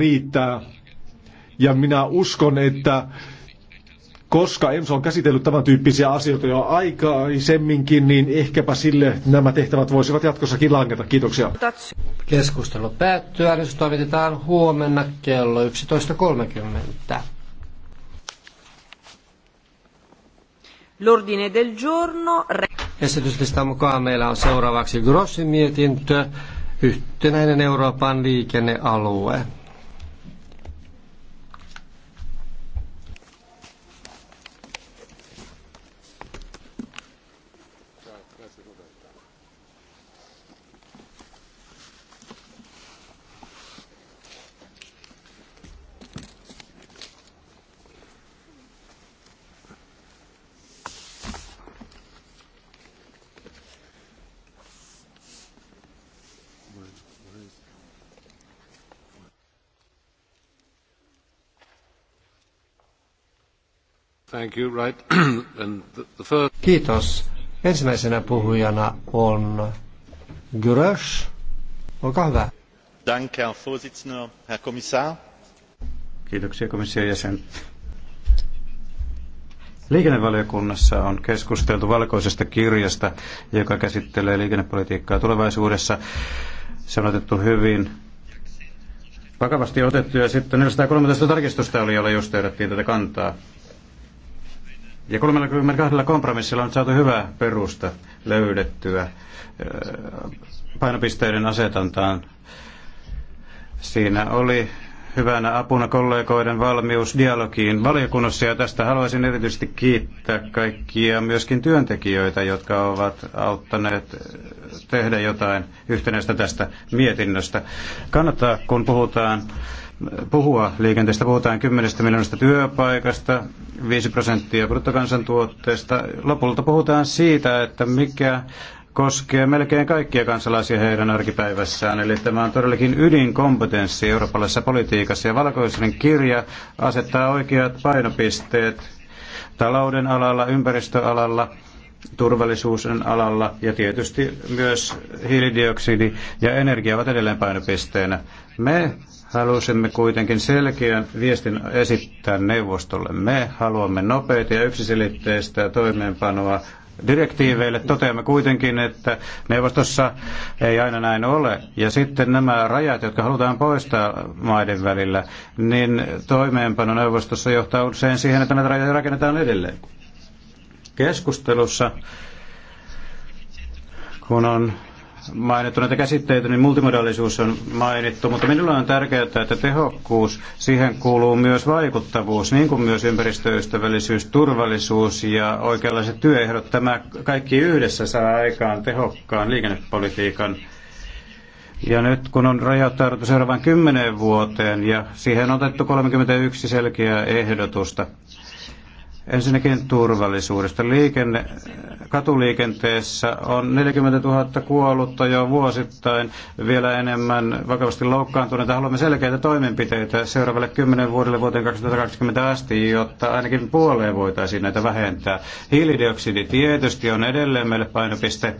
riittää. Ja minä uskon, että koska EMSA on käsitellyt tämän tyyppisiä asioita jo aikaisemminkin, niin ehkäpä sille nämä tehtävät voisivat jatkossakin langeta. Kiitoksia. Keskustelu päättyy. Äänestys toimitetaan huomenna kello 11.30. L'ordine del giorno... Esityslistan mukaan meillä on seuraavaksi Grossin mietintö, yhtenäinen Euroopan liikennealue. Kiitos. Ensimmäisenä puhujana on Gyrös. Olkaa hyvä. Danke, Herr Kommissar. Kiitoksia komission jäsen. Liikennevaliokunnassa on keskusteltu valkoisesta kirjasta, joka käsittelee liikennepolitiikkaa tulevaisuudessa. Se on otettu hyvin vakavasti otettu ja sitten 413 tarkistusta oli, jolla justeerattiin tätä kantaa. Ja 32 kompromissilla on saatu hyvä perusta löydettyä painopisteiden asetantaan. Siinä oli hyvänä apuna kollegoiden valmius dialogiin valiokunnassa ja tästä haluaisin erityisesti kiittää kaikkia myöskin työntekijöitä, jotka ovat auttaneet tehdä jotain yhtenäistä tästä mietinnöstä. Kannattaa, kun puhutaan puhua liikenteestä. Puhutaan 10 miljoonasta työpaikasta, 5 prosenttia bruttokansantuotteesta. Lopulta puhutaan siitä, että mikä koskee melkein kaikkia kansalaisia heidän arkipäivässään. Eli tämä on todellakin ydinkompetenssi eurooppalaisessa politiikassa. Ja valkoisen kirja asettaa oikeat painopisteet talouden alalla, ympäristöalalla, turvallisuuden alalla ja tietysti myös hiilidioksidi ja energia ovat edelleen painopisteenä. Me Halusimme kuitenkin selkeän viestin esittää neuvostolle. Me haluamme nopeita ja yksiselitteistä toimeenpanoa direktiiveille. Toteamme kuitenkin, että neuvostossa ei aina näin ole. Ja sitten nämä rajat, jotka halutaan poistaa maiden välillä, niin toimeenpano neuvostossa johtaa usein siihen, että näitä rajoja rakennetaan edelleen. Keskustelussa, kun on mainittu näitä käsitteitä, niin multimodaalisuus on mainittu, mutta minulla on tärkeää, että tehokkuus, siihen kuuluu myös vaikuttavuus, niin kuin myös ympäristöystävällisyys, turvallisuus ja oikeanlaiset työehdot. Tämä kaikki yhdessä saa aikaan tehokkaan liikennepolitiikan. Ja nyt kun on rajoittautunut seuraavaan kymmeneen vuoteen ja siihen on otettu 31 selkeää ehdotusta, Ensinnäkin turvallisuudesta. Liikenne, katuliikenteessä on 40 000 kuollutta jo vuosittain, vielä enemmän vakavasti loukkaantuneita. Haluamme selkeitä toimenpiteitä seuraavalle 10 vuodelle vuoteen 2020 asti, jotta ainakin puoleen voitaisiin näitä vähentää. Hiilidioksidi tietysti on edelleen meille painopiste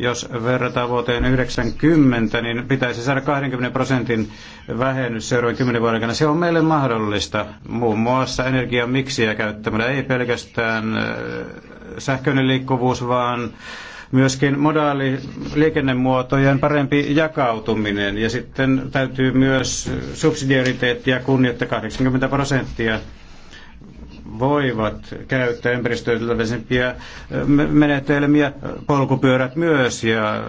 jos verrataan vuoteen 90, niin pitäisi saada 20 prosentin vähennys seuraavan 10 vuoden aikana. Se on meille mahdollista muun muassa energiamiksiä käyttämällä. Ei pelkästään äh, sähköinen liikkuvuus, vaan myöskin modaali liikennemuotojen parempi jakautuminen ja sitten täytyy myös subsidiariteettia kunnioittaa 80 prosenttia voivat käyttää ympäristöystävällisempiä menetelmiä, polkupyörät myös ja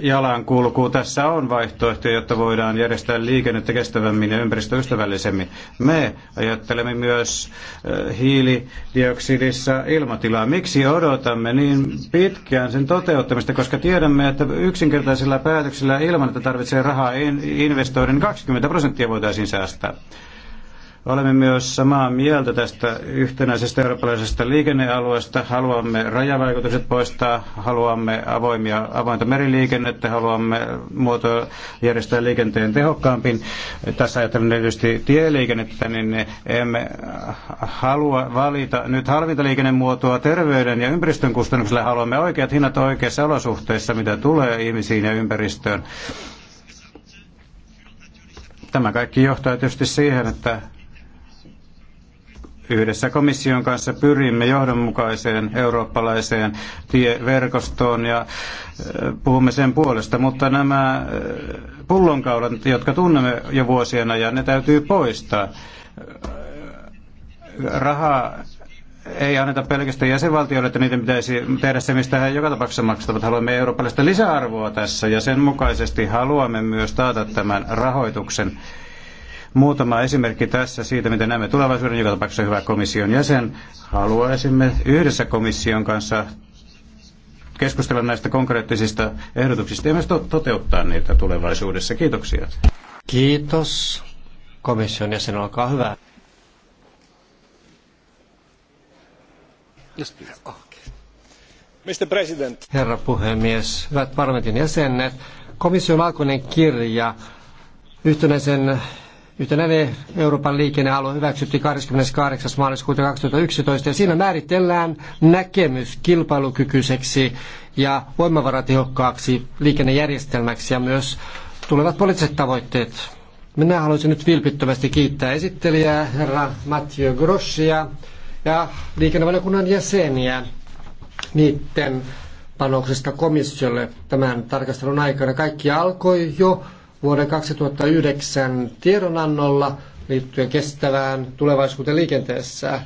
jalankulku. Tässä on vaihtoehtoja, jotta voidaan järjestää liikennettä kestävämmin ja ympäristöystävällisemmin. Me ajattelemme myös hiilidioksidissa ilmatilaa. Miksi odotamme niin pitkään sen toteuttamista, koska tiedämme, että yksinkertaisilla päätöksillä ilman, että tarvitsee rahaa investoiden niin 20 prosenttia voitaisiin säästää. Olemme myös samaa mieltä tästä yhtenäisestä eurooppalaisesta liikennealueesta. Haluamme rajavaikutukset poistaa, haluamme avoimia, avointa meriliikennettä, haluamme muoto järjestää liikenteen tehokkaampiin. Tässä ajattelen erityisesti tieliikennettä, niin emme halua valita nyt halvinta liikennemuotoa terveyden ja ympäristön kustannuksella. Haluamme oikeat hinnat oikeissa olosuhteissa, mitä tulee ihmisiin ja ympäristöön. Tämä kaikki johtaa tietysti siihen, että Yhdessä komission kanssa pyrimme johdonmukaiseen eurooppalaiseen tieverkostoon ja äh, puhumme sen puolesta, mutta nämä äh, pullonkaulat, jotka tunnemme jo vuosien ajan, ne täytyy poistaa. Äh, Rahaa ei anneta pelkästään jäsenvaltioille, että niiden pitäisi tehdä se, mistä he joka tapauksessa maksavat. Haluamme eurooppalaista lisäarvoa tässä ja sen mukaisesti haluamme myös taata tämän rahoituksen. Muutama esimerkki tässä siitä, miten näemme tulevaisuuden, joka tapauksessa hyvä komission jäsen. Haluaisimme yhdessä komission kanssa keskustella näistä konkreettisista ehdotuksista ja myös to- toteuttaa niitä tulevaisuudessa. Kiitoksia. Kiitos. Komission jäsen, olkaa hyvä. Mr. President. Herra puhemies, hyvät parlamentin jäsenet, komission alkuinen kirja yhtenäisen Yhtenäinen Euroopan liikennealue hyväksyttiin 28. maaliskuuta 2011 ja siinä määritellään näkemys kilpailukykyiseksi ja voimavaratehokkaaksi liikennejärjestelmäksi ja myös tulevat poliittiset tavoitteet. Minä haluaisin nyt vilpittömästi kiittää esittelijää herra Mathieu Groschia ja liikennevaliokunnan jäseniä niiden panoksesta komissiolle tämän tarkastelun aikana. Kaikki alkoi jo vuoden 2009 tiedonannolla liittyen kestävään tulevaisuuteen liikenteessä.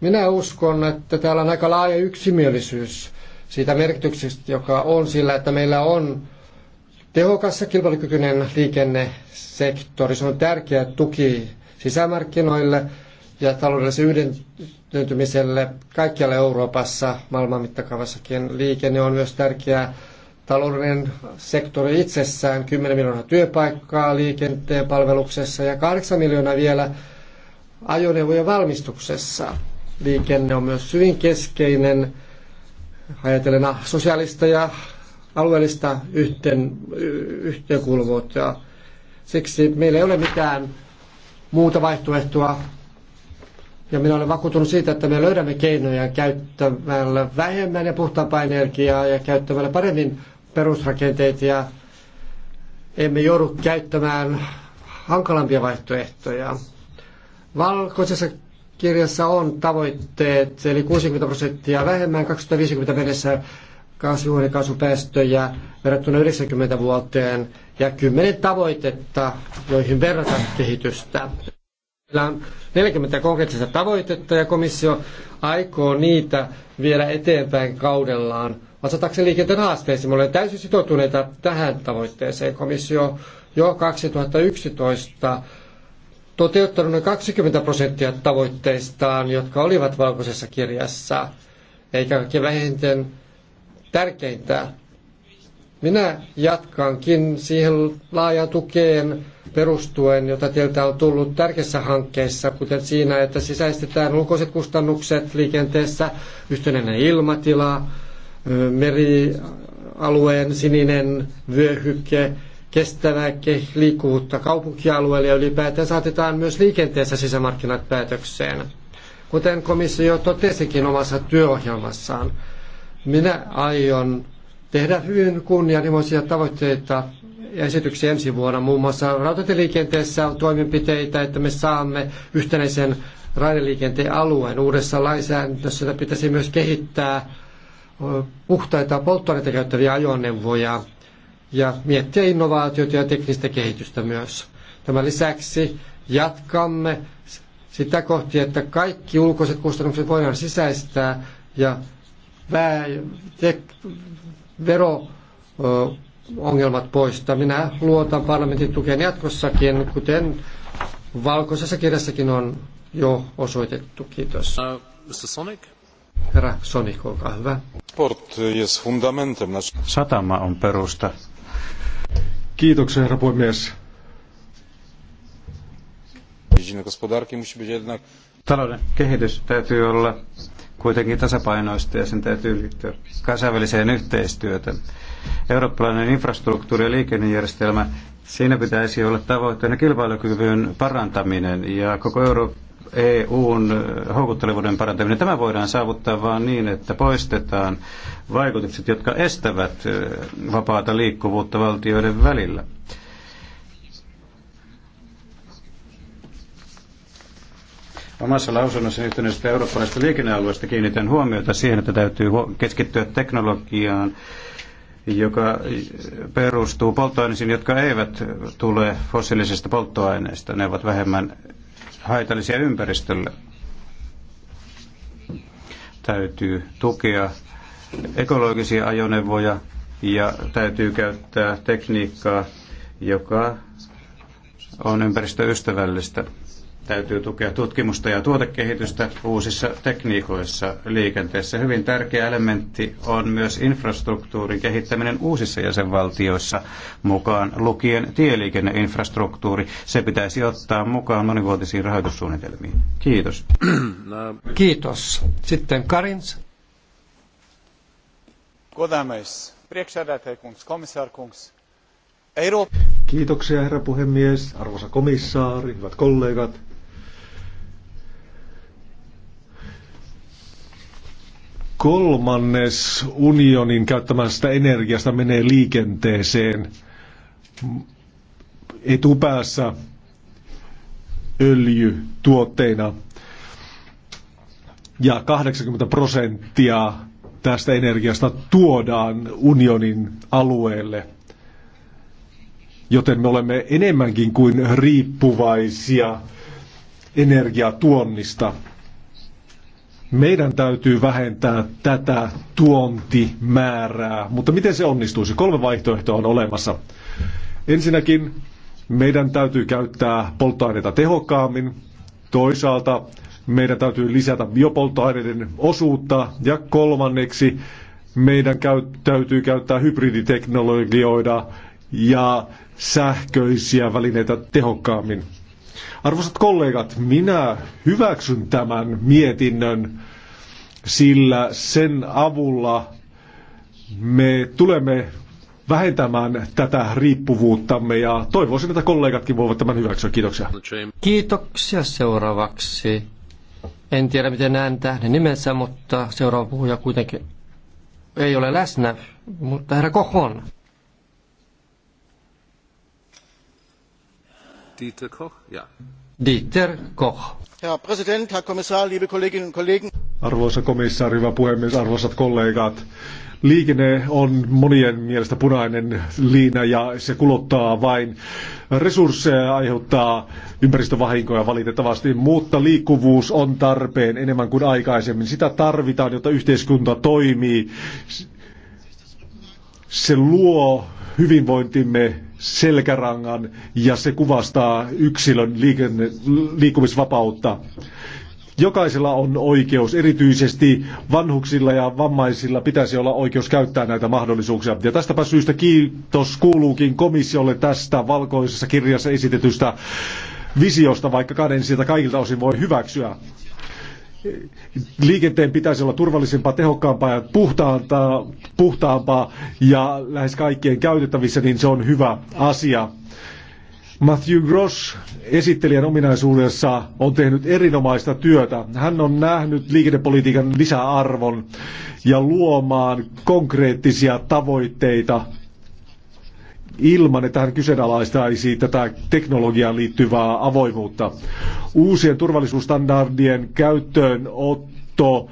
Minä uskon, että täällä on aika laaja yksimielisyys siitä merkityksestä, joka on sillä, että meillä on tehokas ja kilpailukykyinen liikennesektori. Se on tärkeä tuki sisämarkkinoille ja taloudelliselle yhdentymiselle kaikkialla Euroopassa, maailman mittakaavassakin. Liikenne on myös tärkeä taloudellinen sektori itsessään, 10 miljoonaa työpaikkaa liikenteen palveluksessa ja 8 miljoonaa vielä ajoneuvojen valmistuksessa. Liikenne on myös hyvin keskeinen, ajatellen sosiaalista ja alueellista yhteen, yhteenkuuluvuutta. Siksi meillä ei ole mitään muuta vaihtoehtoa. Ja minä olen vakuutunut siitä, että me löydämme keinoja käyttämällä vähemmän ja puhtaampaa energiaa ja käyttämällä paremmin perusrakenteet ja emme joudu käyttämään hankalampia vaihtoehtoja. Valkoisessa kirjassa on tavoitteet, eli 60 prosenttia vähemmän 2050 mennessä kasvihuonekaasupäästöjä verrattuna 90 vuoteen ja kymmenen tavoitetta, joihin verrata kehitystä. Meillä on 40 konkreettista tavoitetta ja komissio aikoo niitä vielä eteenpäin kaudellaan vastatakseen liikenteen haasteisiin. Me olemme täysin sitoutuneita tähän tavoitteeseen. Komissio jo 2011 toteuttanut noin 20 prosenttia tavoitteistaan, jotka olivat valkoisessa kirjassa, eikä kaikkein vähintään tärkeintä. Minä jatkankin siihen laajaan tukeen perustuen, jota teiltä on tullut tärkeissä hankkeissa, kuten siinä, että sisäistetään ulkoiset kustannukset liikenteessä, yhtenäinen ilmatila, merialueen sininen vyöhykke, kestävää liikkuvuutta kaupunkialueelle ja ylipäätään saatetaan myös liikenteessä sisämarkkinat päätökseen. Kuten komissio totesikin omassa työohjelmassaan, minä aion tehdä hyvin kunnianhimoisia tavoitteita ja esityksiä ensi vuonna. Muun muassa rautatieliikenteessä on toimenpiteitä, että me saamme yhtenäisen raideliikenteen alueen. Uudessa lainsäädännössä pitäisi myös kehittää puhtaita polttoaineita käyttäviä ajoneuvoja ja miettiä innovaatioita ja teknistä kehitystä myös. Tämän lisäksi jatkamme sitä kohti, että kaikki ulkoiset kustannukset voidaan sisäistää ja vero ongelmat poistaa. Minä luotan parlamentin tukeen jatkossakin, kuten valkoisessa kirjassakin on jo osoitettu. Kiitos. Uh, Mr. Sonic? Herra Sonic, olkaa hyvä. Satama on perusta. Kiitoksia, herra puhemies. Talouden kehitys täytyy olla kuitenkin tasapainoista ja sen täytyy liittyä kansainväliseen yhteistyötä. Eurooppalainen infrastruktuuri- ja liikennejärjestelmä, siinä pitäisi olla tavoitteena kilpailukyvyn parantaminen ja koko Euroopan EUn eh, houkuttelevuuden parantaminen. Tämä voidaan saavuttaa vain niin, että poistetaan vaikutukset, jotka estävät eh, vapaata liikkuvuutta valtioiden välillä. Omassa lausunnossani yhtenäisestä eurooppalaisesta liikennealueesta kiinnitän huomiota siihen, että täytyy keskittyä teknologiaan, joka eh, perustuu polttoaineisiin, jotka eivät tule fossiilisista polttoaineista. Ne ovat vähemmän haitallisia ympäristölle. Täytyy tukea ekologisia ajoneuvoja ja täytyy käyttää tekniikkaa, joka on ympäristöystävällistä. Täytyy tukea tutkimusta ja tuotekehitystä uusissa tekniikoissa liikenteessä. Hyvin tärkeä elementti on myös infrastruktuurin kehittäminen uusissa jäsenvaltioissa mukaan lukien tieliikenneinfrastruktuuri. Se pitäisi ottaa mukaan monivuotisiin rahoitussuunnitelmiin. Kiitos. Kiitos. Sitten Karins. Godāmais Kiitoksia herra puhemies, arvoisa komissaari, hyvät kollegat. kolmannes unionin käyttämästä energiasta menee liikenteeseen etupäässä öljytuotteina. Ja 80 prosenttia tästä energiasta tuodaan unionin alueelle. Joten me olemme enemmänkin kuin riippuvaisia energiatuonnista. Meidän täytyy vähentää tätä tuontimäärää, mutta miten se onnistuisi? Kolme vaihtoehtoa on olemassa. Ensinnäkin meidän täytyy käyttää polttoaineita tehokkaammin. Toisaalta meidän täytyy lisätä biopolttoaineiden osuutta. Ja kolmanneksi meidän käy, täytyy käyttää hybriditeknologioita ja sähköisiä välineitä tehokkaammin. Arvoisat kollegat, minä hyväksyn tämän mietinnön, sillä sen avulla me tulemme vähentämään tätä riippuvuuttamme ja toivoisin, että kollegatkin voivat tämän hyväksyä. Kiitoksia. Kiitoksia seuraavaksi. En tiedä, miten näen tähden nimensä, mutta seuraava puhuja kuitenkin ei ole läsnä, mutta herra Kohon. Dieter Koch. Ja. Dieter Koch. Herr Präsident, Herr Kommissar, liebe Kolleginnen und Kollegen. Arvoisa komissaari, hyvä puhemies, arvoisat kollegat. Liikenne on monien mielestä punainen liina ja se kuluttaa vain resursseja ja aiheuttaa ympäristövahinkoja valitettavasti, mutta liikkuvuus on tarpeen enemmän kuin aikaisemmin. Sitä tarvitaan, jotta yhteiskunta toimii. Se luo hyvinvointimme selkärangan ja se kuvastaa yksilön liikenne, liikkumisvapautta. Jokaisella on oikeus, erityisesti vanhuksilla ja vammaisilla pitäisi olla oikeus käyttää näitä mahdollisuuksia. Ja tästäpä syystä kiitos kuuluukin komissiolle tästä valkoisessa kirjassa esitetystä visiosta, vaikka en sieltä kaikilta osin voi hyväksyä liikenteen pitäisi olla turvallisempaa, tehokkaampaa ja puhtaampaa, puhtaampaa ja lähes kaikkien käytettävissä, niin se on hyvä asia. Matthew Gross esittelijän ominaisuudessa on tehnyt erinomaista työtä. Hän on nähnyt liikennepolitiikan lisäarvon ja luomaan konkreettisia tavoitteita ilman, että hän kyseenalaistaisi tätä teknologiaan liittyvää avoimuutta. Uusien turvallisuusstandardien käyttöönotto,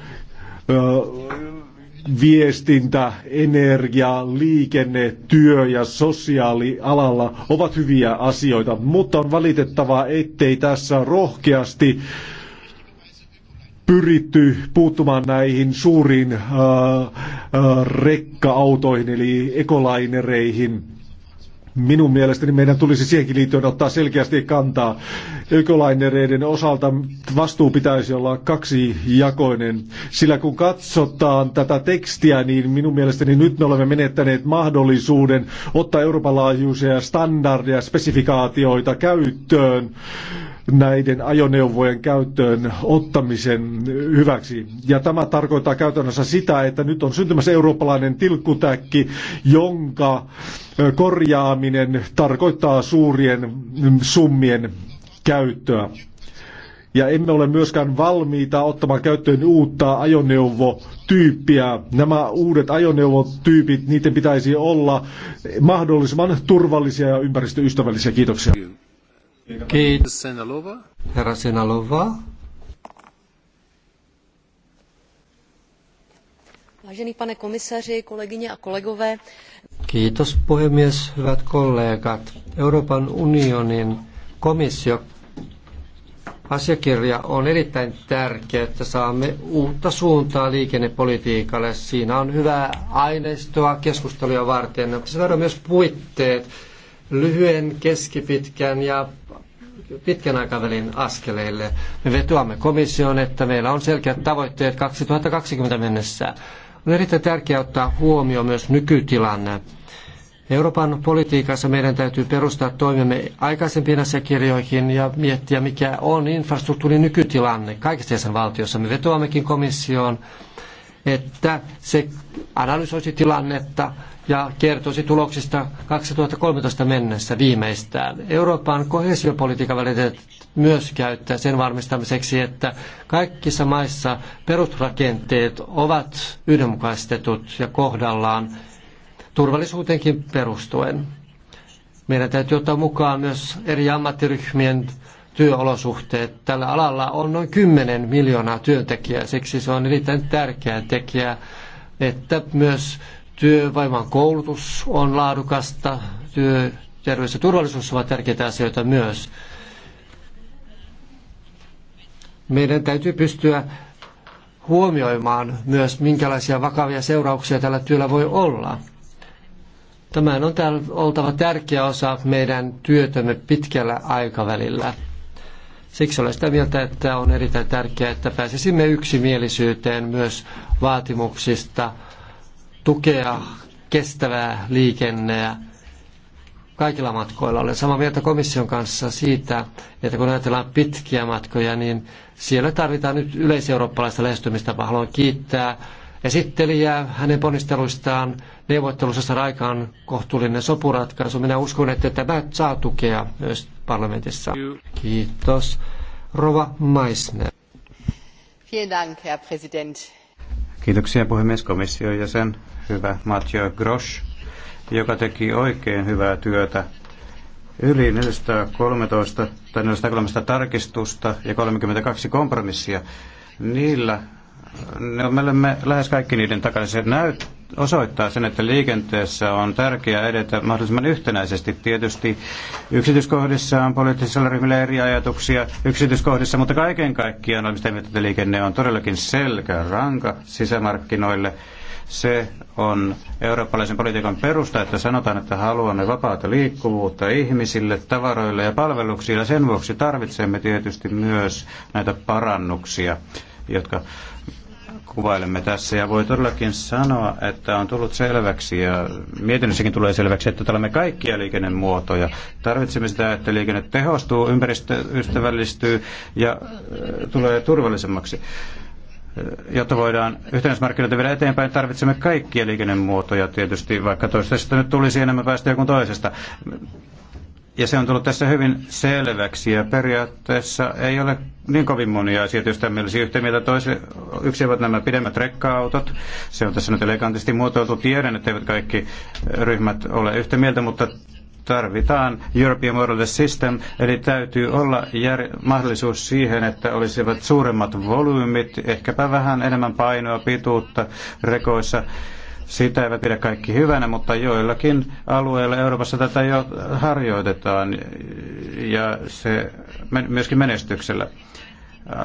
viestintä, energia, liikenne, työ ja sosiaalialalla ovat hyviä asioita, mutta on valitettavaa, ettei tässä rohkeasti pyritty puuttumaan näihin suuriin äh, äh, rekka-autoihin eli ekolainereihin. Minun mielestäni meidän tulisi siihenkin liittyen ottaa selkeästi kantaa. Ökolainereiden osalta vastuu pitäisi olla kaksijakoinen, sillä kun katsotaan tätä tekstiä, niin minun mielestäni nyt me olemme menettäneet mahdollisuuden ottaa Euroopan laajuisia standardeja, spesifikaatioita käyttöön näiden ajoneuvojen käyttöön ottamisen hyväksi. Ja tämä tarkoittaa käytännössä sitä, että nyt on syntymässä eurooppalainen tilkkutäkki, jonka korjaaminen tarkoittaa suurien mm, summien käyttöä. Ja emme ole myöskään valmiita ottamaan käyttöön uutta ajoneuvotyyppiä. Nämä uudet ajoneuvotyypit, niiden pitäisi olla mahdollisimman turvallisia ja ympäristöystävällisiä. Kiitoksia. Kiitos. Herra Senalova. Vážený pane komisaři, kolegyně a kolegové. Kiitos puhemies, hyvät kollegat. Euroopan unionin komissio asiakirja on erittäin tärkeä, että saamme uutta suuntaa liikennepolitiikalle. Siinä on hyvää aineistoa keskusteluja varten. Se on myös puitteet lyhyen, keskipitkän ja pitkän aikavälin askeleille. Me vetoamme komission, että meillä on selkeät tavoitteet 2020 mennessä. On erittäin tärkeää ottaa huomioon myös nykytilanne. Euroopan politiikassa meidän täytyy perustaa toimemme aikaisempiin asiakirjoihin ja miettiä, mikä on infrastruktuurin nykytilanne kaikissa jäsenvaltioissa. Me vetoammekin komissioon, että se analysoisi tilannetta ja kertoisi tuloksista 2013 mennessä viimeistään. Euroopan kohesiopolitiikan välineet myös käyttää sen varmistamiseksi, että kaikissa maissa perusrakenteet ovat yhdenmukaistetut ja kohdallaan turvallisuuteenkin perustuen. Meidän täytyy ottaa mukaan myös eri ammattiryhmien työolosuhteet. Tällä alalla on noin 10 miljoonaa työntekijää, siksi se on erittäin tärkeä tekijä, että myös Työvoiman koulutus on laadukasta, työterveys ja turvallisuus ovat tärkeitä asioita myös. Meidän täytyy pystyä huomioimaan myös, minkälaisia vakavia seurauksia tällä työllä voi olla. Tämän on oltava tärkeä osa meidän työtämme pitkällä aikavälillä. Siksi olen sitä mieltä, että on erittäin tärkeää, että pääsisimme yksimielisyyteen myös vaatimuksista – tukea kestävää liikenneä kaikilla matkoilla. Olen samaa mieltä komission kanssa siitä, että kun ajatellaan pitkiä matkoja, niin siellä tarvitaan nyt yleiseurooppalaista lähestymistapaa. Haluan kiittää esittelijää hänen ponnisteluistaan neuvottelussa saada aikaan kohtuullinen sopuratkaisu. Minä uskon, että tämä saa tukea myös parlamentissa. Kiitos. Rova Meissner. Vielen Dank, Herr Präsident. Kiitoksia puhemies komission jäsen hyvä Mathieu Grosch, joka teki oikein hyvää työtä. Yli 413 tai 413 tarkistusta ja 32 kompromissia. Niillä no, me olemme lähes kaikki niiden takana. Se näyt, osoittaa sen, että liikenteessä on tärkeää edetä mahdollisimman yhtenäisesti. Tietysti yksityiskohdissa on poliittisilla ryhmillä eri ajatuksia yksityiskohdissa, mutta kaiken kaikkiaan olemme sitä mieltä, että liikenne on todellakin ranka sisämarkkinoille se on eurooppalaisen politiikan perusta, että sanotaan, että haluamme vapaata liikkuvuutta ihmisille, tavaroille ja palveluksille. Sen vuoksi tarvitsemme tietysti myös näitä parannuksia, jotka kuvailemme tässä. Ja voi todellakin sanoa, että on tullut selväksi ja mietinnössäkin tulee selväksi, että me kaikkia liikennemuotoja. Tarvitsemme sitä, että liikenne tehostuu, ympäristöystävällistyy ja tulee turvallisemmaksi jotta voidaan yhteismarkkinoita viedä eteenpäin, tarvitsemme kaikkia liikennemuotoja tietysti, vaikka toisesta nyt tulisi enemmän päästöjä kuin toisesta. Ja se on tullut tässä hyvin selväksi ja periaatteessa ei ole niin kovin monia asioita, joista meillä olisi yhtä mieltä. Toisi, yksi ovat nämä pidemmät rekka-autot. Se on tässä nyt elegantisti muotoiltu. Tiedän, että eivät kaikki ryhmät ole yhtä mieltä, mutta tarvitaan European Model System, eli täytyy olla jär- mahdollisuus siihen, että olisivat suuremmat volyymit, ehkäpä vähän enemmän painoa, pituutta rekoissa. Sitä eivät pidä kaikki hyvänä, mutta joillakin alueilla Euroopassa tätä jo harjoitetaan ja se myöskin menestyksellä. Äh,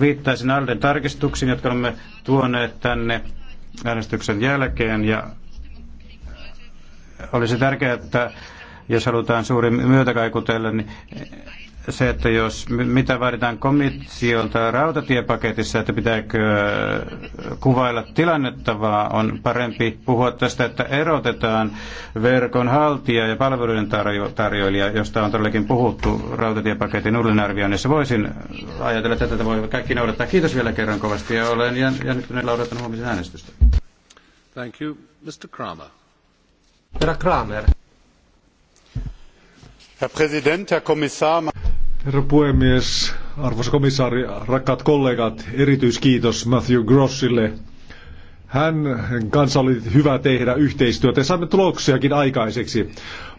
viittaisin Alden tarkistuksiin, jotka olemme tuoneet tänne äänestyksen jälkeen ja olisi tärkeää, että jos halutaan suuri myötäkaiku tälle, niin se, että jos mitä vaaditaan komissiolta rautatiepaketissa, että pitääkö äh, kuvailla tilannetta, vaan on parempi puhua tästä, että erotetaan verkon haltija ja palveluiden tarjo- tarjoilija, josta on todellakin puhuttu rautatiepaketin uudelleenarvioinnissa. Voisin ajatella, että tätä voi kaikki noudattaa. Kiitos vielä kerran kovasti ja olen jännittyneellä odotan huomisen äänestystä. Thank you. Mr. Kramer. Herra Kramer. Herra puhemies, arvoisa komissaari, rakkaat kollegat, erityiskiitos Matthew Grossille. Hän kanssa oli hyvä tehdä yhteistyötä ja saimme tuloksiakin aikaiseksi.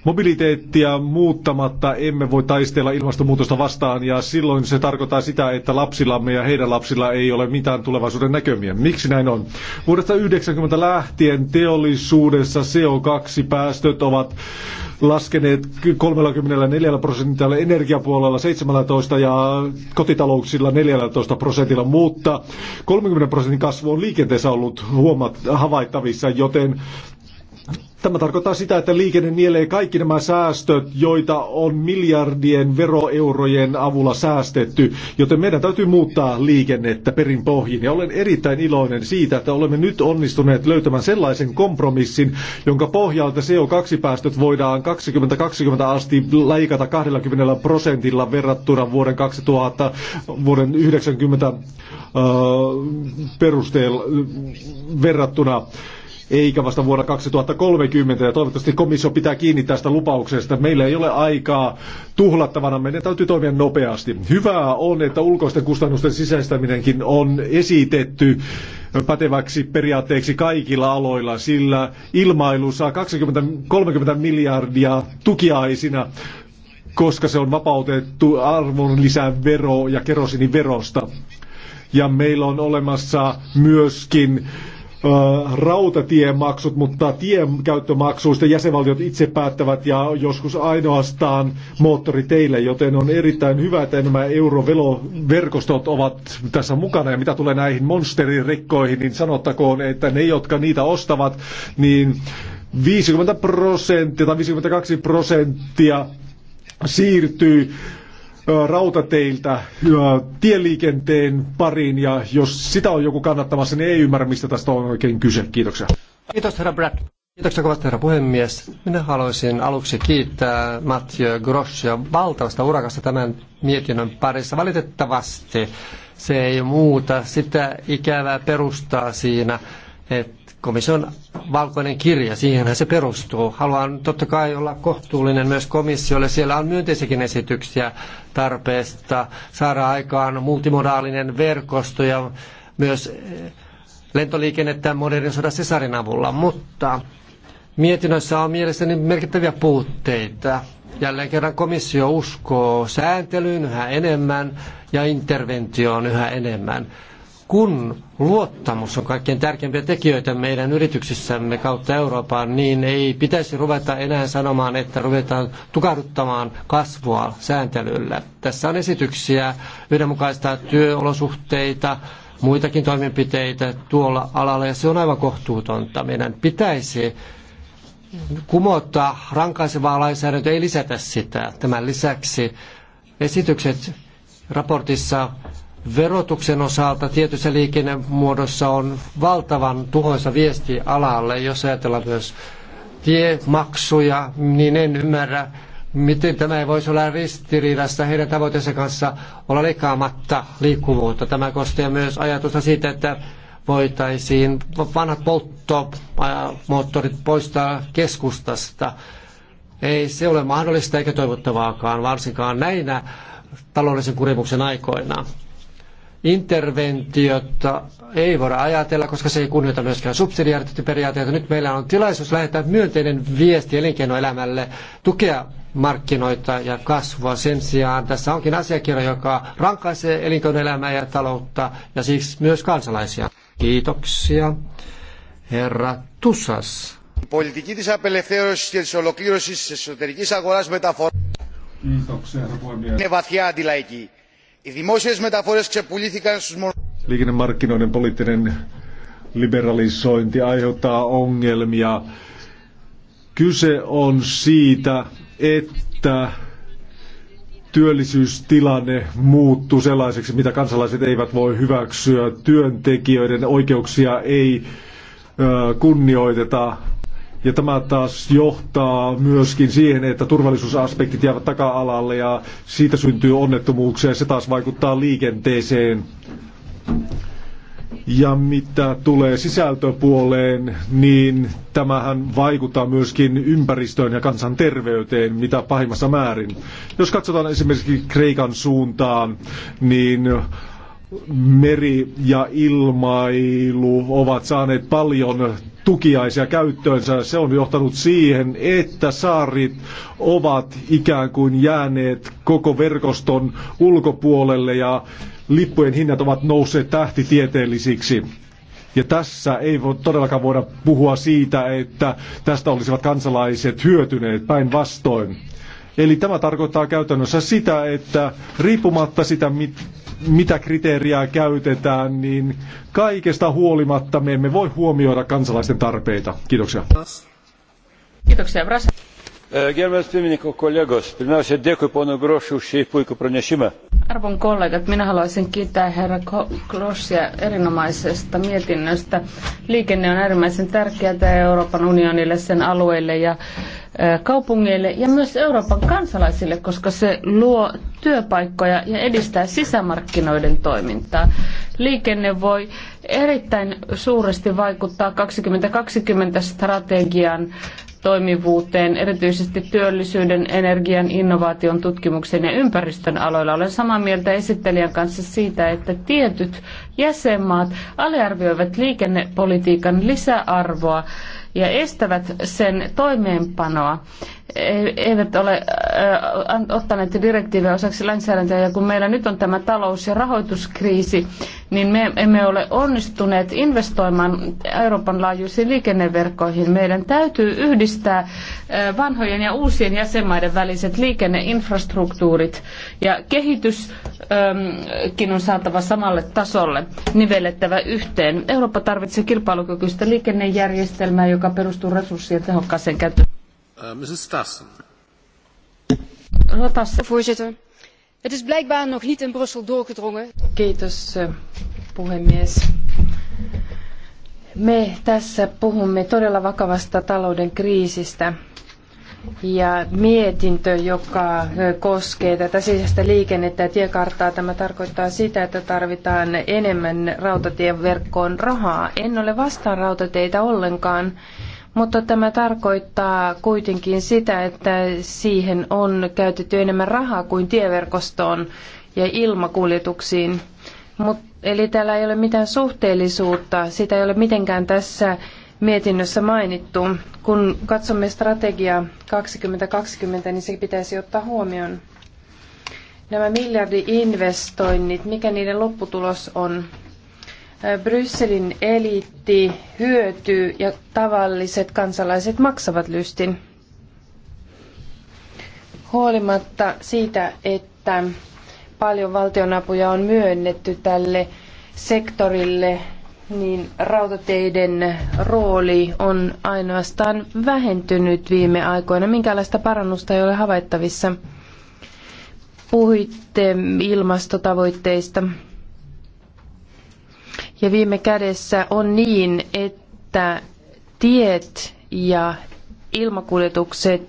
Mobiliteettia muuttamatta emme voi taistella ilmastonmuutosta vastaan ja silloin se tarkoittaa sitä, että lapsillamme ja heidän lapsilla ei ole mitään tulevaisuuden näkömiä. Miksi näin on? Vuodesta 90 lähtien teollisuudessa CO2-päästöt ovat laskeneet 34 prosentilla energiapuolella 17 ja kotitalouksilla 14 prosentilla, mutta 30 prosentin kasvu on liikenteessä ollut huomat, havaittavissa, joten Tämä tarkoittaa sitä, että liikenne nielee kaikki nämä säästöt, joita on miljardien veroeurojen avulla säästetty, joten meidän täytyy muuttaa liikennettä perin pohjin. Ja olen erittäin iloinen siitä, että olemme nyt onnistuneet löytämään sellaisen kompromissin, jonka pohjalta CO2-päästöt voidaan 2020 asti leikata 20 prosentilla verrattuna vuoden 2000 vuoden 90 äh, perusteella verrattuna eikä vasta vuonna 2030. Ja toivottavasti komissio pitää kiinni tästä lupauksesta. Meillä ei ole aikaa tuhlattavana, meidän täytyy toimia nopeasti. Hyvää on, että ulkoisten kustannusten sisäistäminenkin on esitetty päteväksi periaatteeksi kaikilla aloilla, sillä ilmailu saa 20-30 miljardia tukiaisina koska se on vapautettu arvonlisävero ja kerosiniverosta. Ja meillä on olemassa myöskin äh, rautatiemaksut, mutta tienkäyttömaksuista jäsenvaltiot itse päättävät ja joskus ainoastaan moottoriteille, joten on erittäin hyvä, että nämä euroveloverkostot ovat tässä mukana. Ja mitä tulee näihin monsteririkkoihin, niin sanottakoon, että ne, jotka niitä ostavat, niin 50 prosenttia tai 52 prosenttia siirtyy rautateiltä tieliikenteen pariin ja jos sitä on joku kannattamassa, niin ei ymmärrä, mistä tästä on oikein kyse. Kiitoksia. Kiitos herra Brad. Kiitoksia kovasti herra puhemies. Minä haluaisin aluksi kiittää Mathieu Groschia valtavasta urakasta tämän mietinnön parissa. Valitettavasti se ei muuta sitä ikävää perustaa siinä, että komission valkoinen kirja, siihenhän se perustuu. Haluan totta kai olla kohtuullinen myös komissiolle. Siellä on myönteisiäkin esityksiä tarpeesta saada aikaan multimodaalinen verkosto ja myös eh, lentoliikennettä modernisoida sesarin avulla, mutta mietinnössä on mielestäni merkittäviä puutteita. Jälleen kerran komissio uskoo sääntelyyn yhä enemmän ja interventioon yhä enemmän kun luottamus on kaikkein tärkeimpiä tekijöitä meidän yrityksissämme kautta Euroopan, niin ei pitäisi ruveta enää sanomaan, että ruvetaan tukahduttamaan kasvua sääntelyllä. Tässä on esityksiä yhdenmukaistaa työolosuhteita, muitakin toimenpiteitä tuolla alalla, ja se on aivan kohtuutonta. Meidän pitäisi kumota rankaisevaa lainsäädäntöä, ei lisätä sitä. Tämän lisäksi esitykset raportissa verotuksen osalta tietyssä liikennemuodossa on valtavan tuhoisa viesti alalle, jos ajatellaan myös tiemaksuja, niin en ymmärrä, miten tämä ei voisi olla ristiriidassa heidän tavoitteensa kanssa olla leikkaamatta liikkuvuutta. Tämä koskee myös ajatusta siitä, että voitaisiin vanhat polttomoottorit poistaa keskustasta. Ei se ole mahdollista eikä toivottavaakaan, varsinkaan näinä taloudellisen kurimuksen aikoina interventiota ei voida ajatella, koska se ei kunnioita myöskään subsidiariteettiperiaatteita. Nyt meillä on tilaisuus lähettää myönteinen viesti elinkeinoelämälle, tukea markkinoita ja kasvua. Sen sijaan tässä onkin asiakirja, joka rankaisee elinkeinoelämää ja taloutta ja siis myös kansalaisia. Kiitoksia. Herra Tusas. Πολιτική της απελευθέρωσης και της ολοκλήρωσης της εσωτερικής αγοράς μεταφορών είναι βαθιά αντιλαϊκή Οι δημόσιες μεταφορές ξεπουλήθηκαν στους Liikennemarkkinoiden poliittinen liberalisointi aiheuttaa ongelmia. Kyse on siitä, että työllisyystilanne muuttuu sellaiseksi, mitä kansalaiset eivät voi hyväksyä. Työntekijöiden oikeuksia ei kunnioiteta. Ja tämä taas johtaa myöskin siihen, että turvallisuusaspektit jäävät taka-alalle ja siitä syntyy onnettomuuksia ja se taas vaikuttaa liikenteeseen. Ja mitä tulee sisältöpuoleen, niin tämähän vaikuttaa myöskin ympäristöön ja kansanterveyteen, mitä pahimmassa määrin. Jos katsotaan esimerkiksi Kreikan suuntaan, niin meri ja ilmailu ovat saaneet paljon tukiaisia käyttöönsä. Se on johtanut siihen, että saarit ovat ikään kuin jääneet koko verkoston ulkopuolelle ja lippujen hinnat ovat nousseet tähtitieteellisiksi. Ja tässä ei voi, todellakaan voida puhua siitä, että tästä olisivat kansalaiset hyötyneet päinvastoin. Eli tämä tarkoittaa käytännössä sitä, että riippumatta sitä, mitä kriteeriä käytetään, niin kaikesta huolimatta me emme voi huomioida kansalaisten tarpeita. Kiitoksia. Kiitoksia, Brasa. E, gerbiamas pirmininko kollegos, pirmiausia dėkui ponui Grošui už šį puikų pranešimą. Arvon kollegat, minä haluaisin kiittää herra Klosia erinomaisesta mietinnöstä. Liikenne on äärimmäisen tärkeää Euroopan unionille, sen alueille ja e, kaupungeille ja myös Euroopan kansalaisille, koska se luo työpaikkoja ja edistää sisämarkkinoiden toimintaa. Liikenne voi erittäin suuresti vaikuttaa 2020 strategian toimivuuteen, erityisesti työllisyyden, energian, innovaation, tutkimuksen ja ympäristön aloilla. Olen samaa mieltä esittelijän kanssa siitä, että tietyt jäsenmaat aliarvioivat liikennepolitiikan lisäarvoa ja estävät sen toimeenpanoa. E- eivät ole ottaneet direktiiviä osaksi lainsäädäntöä. Ja kun meillä nyt on tämä talous- ja rahoituskriisi, niin me emme ole onnistuneet investoimaan Euroopan laajuisiin liikenneverkkoihin. Meidän täytyy yhdistää vanhojen ja uusien jäsenmaiden väliset liikenneinfrastruktuurit. Ja kehityskin on saatava samalle tasolle, nivellettävä yhteen. Eurooppa tarvitsee kilpailukykyistä liikennejärjestelmää, joka perustuu resurssien tehokkaaseen käyttöön. Uh, Mrs. Stassen. Voorzitter, het is blijkbaar nog niet in Brussel doorgedrongen. Eh, puhemies. Me tässä puhumme todella vakavasta talouden kriisistä ja mietintö, joka eh, koskee tätä sisäistä liikennettä ja tiekarttaa. Tämä tarkoittaa sitä, että tarvitaan enemmän rautatieverkkoon rahaa. En ole vastaan rautateitä ollenkaan, mutta tämä tarkoittaa kuitenkin sitä, että siihen on käytetty enemmän rahaa kuin tieverkostoon ja ilmakuljetuksiin. Mut, eli täällä ei ole mitään suhteellisuutta, sitä ei ole mitenkään tässä mietinnössä mainittu. Kun katsomme strategiaa 2020, niin se pitäisi ottaa huomioon. Nämä miljardi-investoinnit, mikä niiden lopputulos on? Brysselin eliitti hyötyy ja tavalliset kansalaiset maksavat lystin. Huolimatta siitä, että paljon valtionapuja on myönnetty tälle sektorille, niin rautateiden rooli on ainoastaan vähentynyt viime aikoina. Minkälaista parannusta ei ole havaittavissa? Puhuitte ilmastotavoitteista. Ja viime kädessä on niin, että tiet ja ilmakuljetukset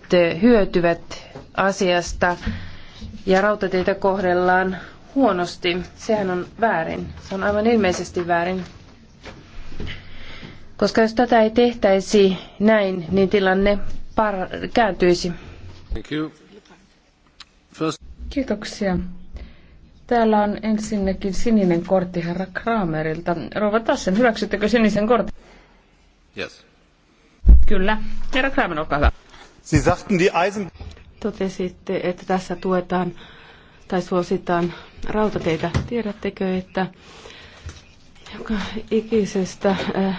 hyötyvät asiasta ja rautateitä kohdellaan huonosti. Sehän on väärin. Se on aivan ilmeisesti väärin. Koska jos tätä ei tehtäisi näin, niin tilanne par- kääntyisi. Kiitoksia. Täällä on ensinnäkin sininen kortti herra Kramerilta. Rouva Tassen, hyväksyttekö sinisen kortin? Yes. Kyllä. Herra Kramer, olkaa hyvä. Sie sagten die Eisen... Totesitte, että tässä tuetaan tai suositaan rautateitä. Tiedättekö, että joka ikisestä äh,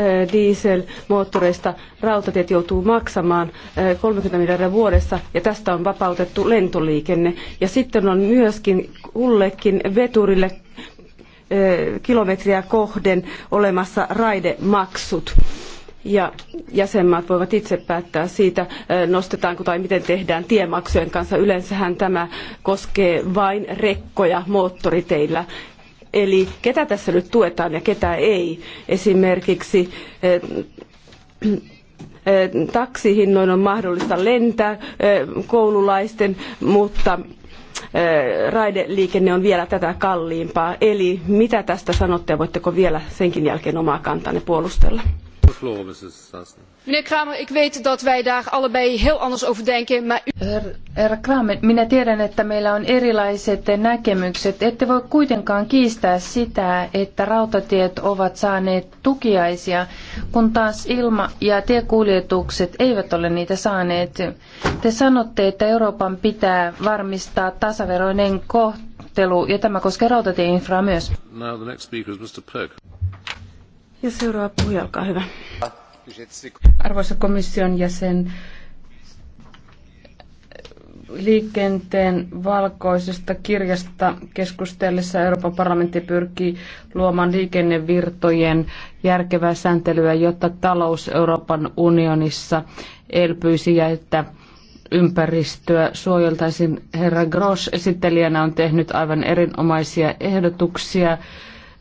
Äh, dieselmoottoreista rautatiet joutuu maksamaan 30 äh, miljardia vuodessa ja tästä on vapautettu lentoliikenne. Ja sitten on myöskin kullekin veturille äh, kilometriä kohden olemassa raidemaksut. Ja jäsenmaat voivat itse päättää siitä, nostetaanko tai miten tehdään tiemaksujen kanssa. Yleensähän tämä koskee vain rekkoja moottoriteillä Eli ketä tässä nyt tuetaan ja ketä ei. Esimerkiksi eh, eh, taksihinnoin on mahdollista lentää eh, koululaisten, mutta raideliikenne on vielä tätä kalliimpaa. Eli mitä tästä sanotte ja voitteko vielä senkin jälkeen omaa kantanne puolustella? Meneer Kramer, ik weet dat wij daar allebei heel anders over denken, maar... Herra Kramer, minä tiedän, että meillä on erilaiset näkemykset. Ette voi kuitenkaan kiistää sitä, että rautatiet ovat saaneet tukiaisia, kun taas ilma- ja tiekuljetukset eivät ole niitä saaneet. Te sanotte, että Euroopan pitää varmistaa tasaveroinen kohtelu, ja tämä koskee rautatieinfraa myös. Now the next speaker is Mr. Perk. Ja seuraava puhuja, olkaa hyvä. Arvoisa komission jäsen, liikenteen valkoisesta kirjasta keskustellessa Euroopan parlamentti pyrkii luomaan liikennevirtojen järkevää sääntelyä, jotta talous Euroopan unionissa elpyisi ja että ympäristöä suojeltaisiin. Herra Gross esittelijänä on tehnyt aivan erinomaisia ehdotuksia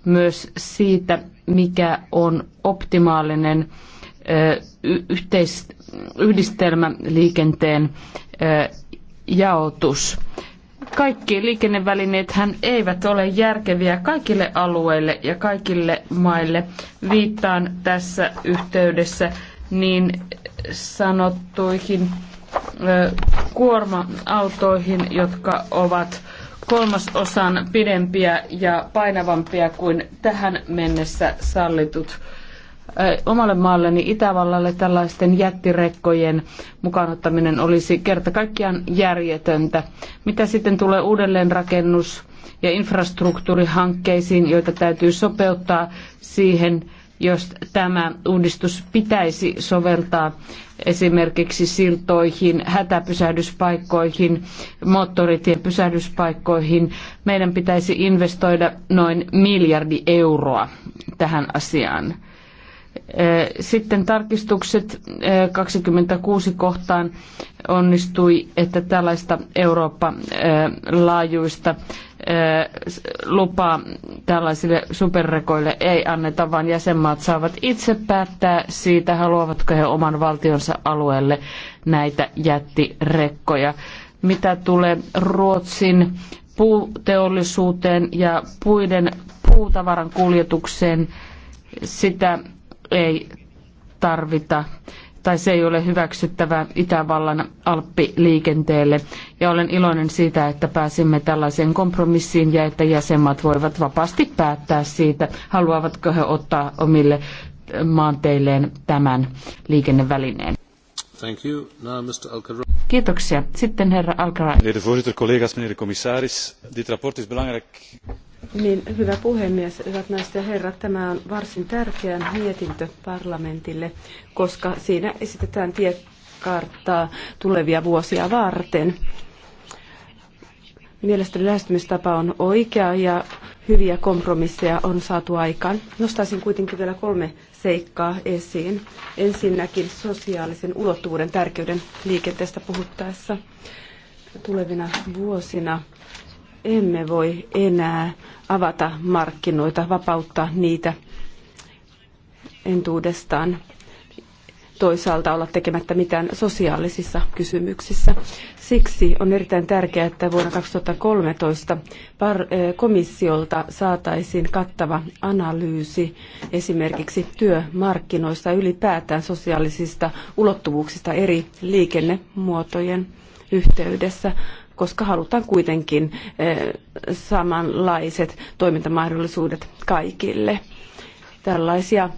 myös siitä, mikä on optimaalinen yhdistelmä liikenteen jaotus. Kaikki liikennevälineet hän eivät ole järkeviä kaikille alueille ja kaikille maille. Viittaan tässä yhteydessä niin sanottuihin kuorma-autoihin, jotka ovat kolmasosan pidempiä ja painavampia kuin tähän mennessä sallitut. Omalle maalleni Itävallalle tällaisten jättirekkojen mukaanottaminen olisi kerta kaikkiaan järjetöntä. Mitä sitten tulee uudelleenrakennus- ja infrastruktuurihankkeisiin, joita täytyy sopeuttaa siihen jos tämä uudistus pitäisi soveltaa esimerkiksi siltoihin, hätäpysähdyspaikkoihin, moottoritien pysähdyspaikkoihin. Meidän pitäisi investoida noin miljardi euroa tähän asiaan. Sitten tarkistukset 26 kohtaan onnistui, että tällaista Eurooppa-laajuista lupaa tällaisille superrekoille ei anneta, vaan jäsenmaat saavat itse päättää siitä, haluavatko he oman valtionsa alueelle näitä jättirekkoja. Mitä tulee Ruotsin puuteollisuuteen ja puiden puutavaran kuljetukseen, sitä ei tarvita tai se ei ole hyväksyttävä Itävallan alppiliikenteelle. Ja olen iloinen siitä, että pääsimme tällaiseen kompromissiin ja että jäsenmaat voivat vapaasti päättää siitä, haluavatko he ottaa omille maanteilleen tämän liikennevälineen. Thank you. Now, Mr. Kiitoksia. Sitten herra Alcaraz. Herra de niin, hyvä puhemies, hyvät naiset ja herrat, tämä on varsin tärkeä mietintö parlamentille, koska siinä esitetään tiekarttaa tulevia vuosia varten. Mielestäni lähestymistapa on oikea ja hyviä kompromisseja on saatu aikaan. Nostaisin kuitenkin vielä kolme seikkaa esiin. Ensinnäkin sosiaalisen ulottuvuuden tärkeyden liikenteestä puhuttaessa tulevina vuosina emme voi enää avata markkinoita, vapauttaa niitä entuudestaan toisaalta olla tekemättä mitään sosiaalisissa kysymyksissä. Siksi on erittäin tärkeää, että vuonna 2013 eh, komissiolta saataisiin kattava analyysi esimerkiksi työmarkkinoista ja ylipäätään sosiaalisista ulottuvuuksista eri liikennemuotojen yhteydessä koska halutaan kuitenkin eh, samanlaiset toimintamahdollisuudet kaikille. Tällaisia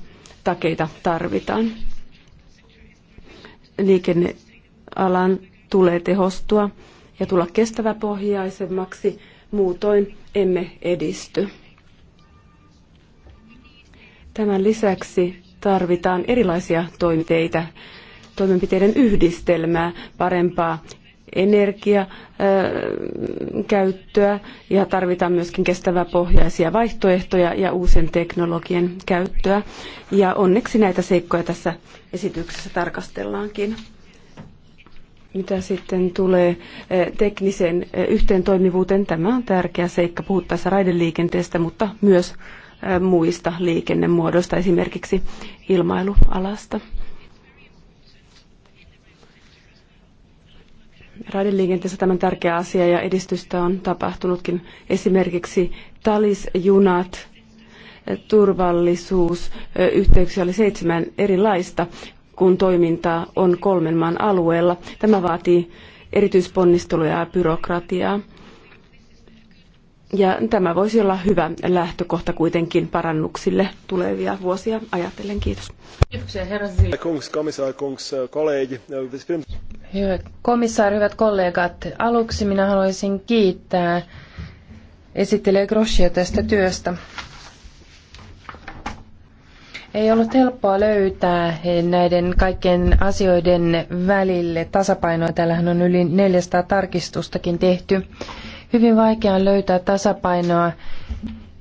takeita tarvitaan. Liikennealan tulee tehostua ja tulla kestäväpohjaisemmaksi, muutoin emme edisty. Tämän lisäksi tarvitaan erilaisia toimenpiteitä, toimenpiteiden yhdistelmää, parempaa energiakäyttöä ja tarvitaan myöskin kestäväpohjaisia vaihtoehtoja ja uusien teknologian käyttöä. Ja onneksi näitä seikkoja tässä esityksessä tarkastellaankin. Mitä sitten tulee eh, teknisen eh, yhteentoimivuuteen, tämä on tärkeä seikka puhuttaessa raideliikenteestä, mutta myös eh, muista liikennemuodoista, esimerkiksi ilmailualasta. raideliikenteessä tämän tärkeä asia ja edistystä on tapahtunutkin. Esimerkiksi talisjunat, turvallisuus, yhteyksiä oli seitsemän erilaista, kun toimintaa on kolmen maan alueella. Tämä vaatii erityisponnisteluja ja byrokratiaa. Ja tämä voisi olla hyvä lähtökohta kuitenkin parannuksille tulevia vuosia ajatellen. Kiitos. Kiitoksia herra Kungs, Hyvät komissaari, hyvät kollegat. Aluksi minä haluaisin kiittää esittelijä Groschia tästä työstä. Ei ollut helppoa löytää näiden kaikkien asioiden välille tasapainoa. Täällähän on yli 400 tarkistustakin tehty hyvin vaikea löytää tasapainoa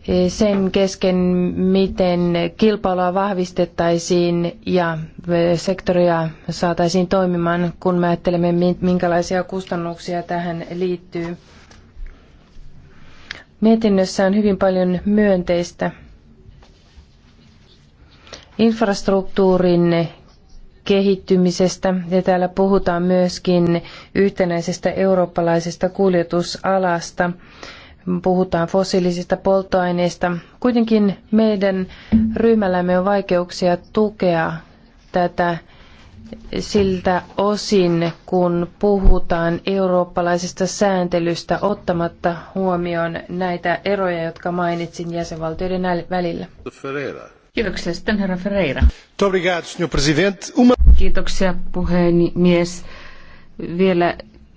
eh, sen kesken, miten kilpailua vahvistettaisiin ja eh, sektoria saataisiin toimimaan, kun me ajattelemme, minkälaisia kustannuksia tähän liittyy. Mietinnössä on hyvin paljon myönteistä. Infrastruktuurin kehittymisestä ja täällä puhutaan myöskin yhtenäisestä eurooppalaisesta kuljetusalasta. Puhutaan fossiilisista polttoaineista. Kuitenkin meidän ryhmällämme on vaikeuksia tukea tätä siltä osin, kun puhutaan eurooppalaisesta sääntelystä ottamatta huomioon näitä eroja, jotka mainitsin jäsenvaltioiden välillä. Ferreira. Kiitoksia. Sitten herra Ferreira. Kiitoksia puhemies. Vielä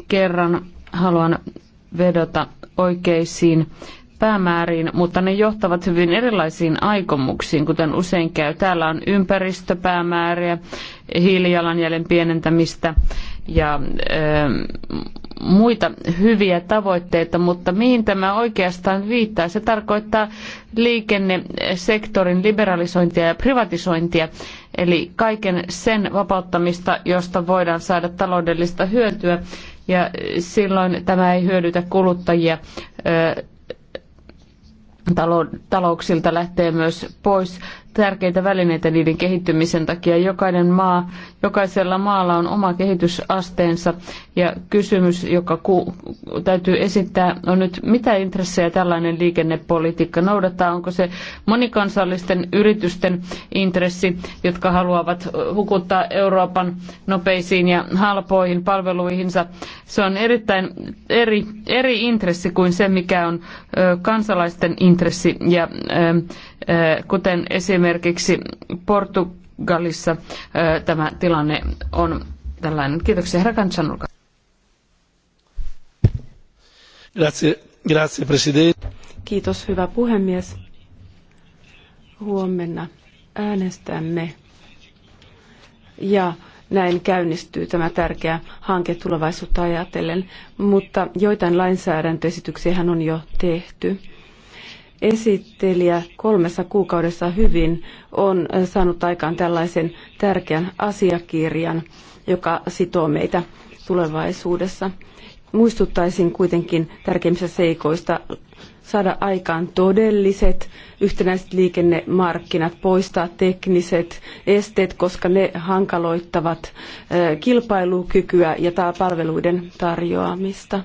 kerran haluan vedota oikeisiin päämääriin, mutta ne johtavat hyvin erilaisiin aikomuksiin, kuten usein käy. Täällä on ympäristöpäämääriä, hiilijalanjäljen pienentämistä ja ö, muita hyviä tavoitteita, mutta mihin tämä oikeastaan viittaa? Se tarkoittaa liikennesektorin liberalisointia ja privatisointia, eli kaiken sen vapauttamista, josta voidaan saada taloudellista hyötyä, ja silloin tämä ei hyödytä kuluttajia talouksilta lähtee myös pois tärkeitä välineitä niiden kehittymisen takia. Jokainen maa, jokaisella maalla on oma kehitysasteensa ja kysymys, joka ku, täytyy esittää, on nyt mitä intressejä tällainen liikennepolitiikka noudattaa. Onko se monikansallisten yritysten intressi, jotka haluavat hukuttaa Euroopan nopeisiin ja halpoihin palveluihinsa. Se on erittäin eri, eri intressi kuin se, mikä on kansalaisten intressi ja kuten esimerkiksi Portugalissa tämä tilanne on tällainen. Kiitoksia, herra Kansanulka. Kiitos, hyvä puhemies. Huomenna äänestämme ja näin käynnistyy tämä tärkeä hanke tulevaisuutta ajatellen, mutta joitain lainsäädäntöesityksiä on jo tehty esittelijä kolmessa kuukaudessa hyvin on saanut aikaan tällaisen tärkeän asiakirjan, joka sitoo meitä tulevaisuudessa. Muistuttaisin kuitenkin tärkeimmistä seikoista saada aikaan todelliset yhtenäiset liikennemarkkinat, poistaa tekniset esteet, koska ne hankaloittavat kilpailukykyä ja palveluiden tarjoamista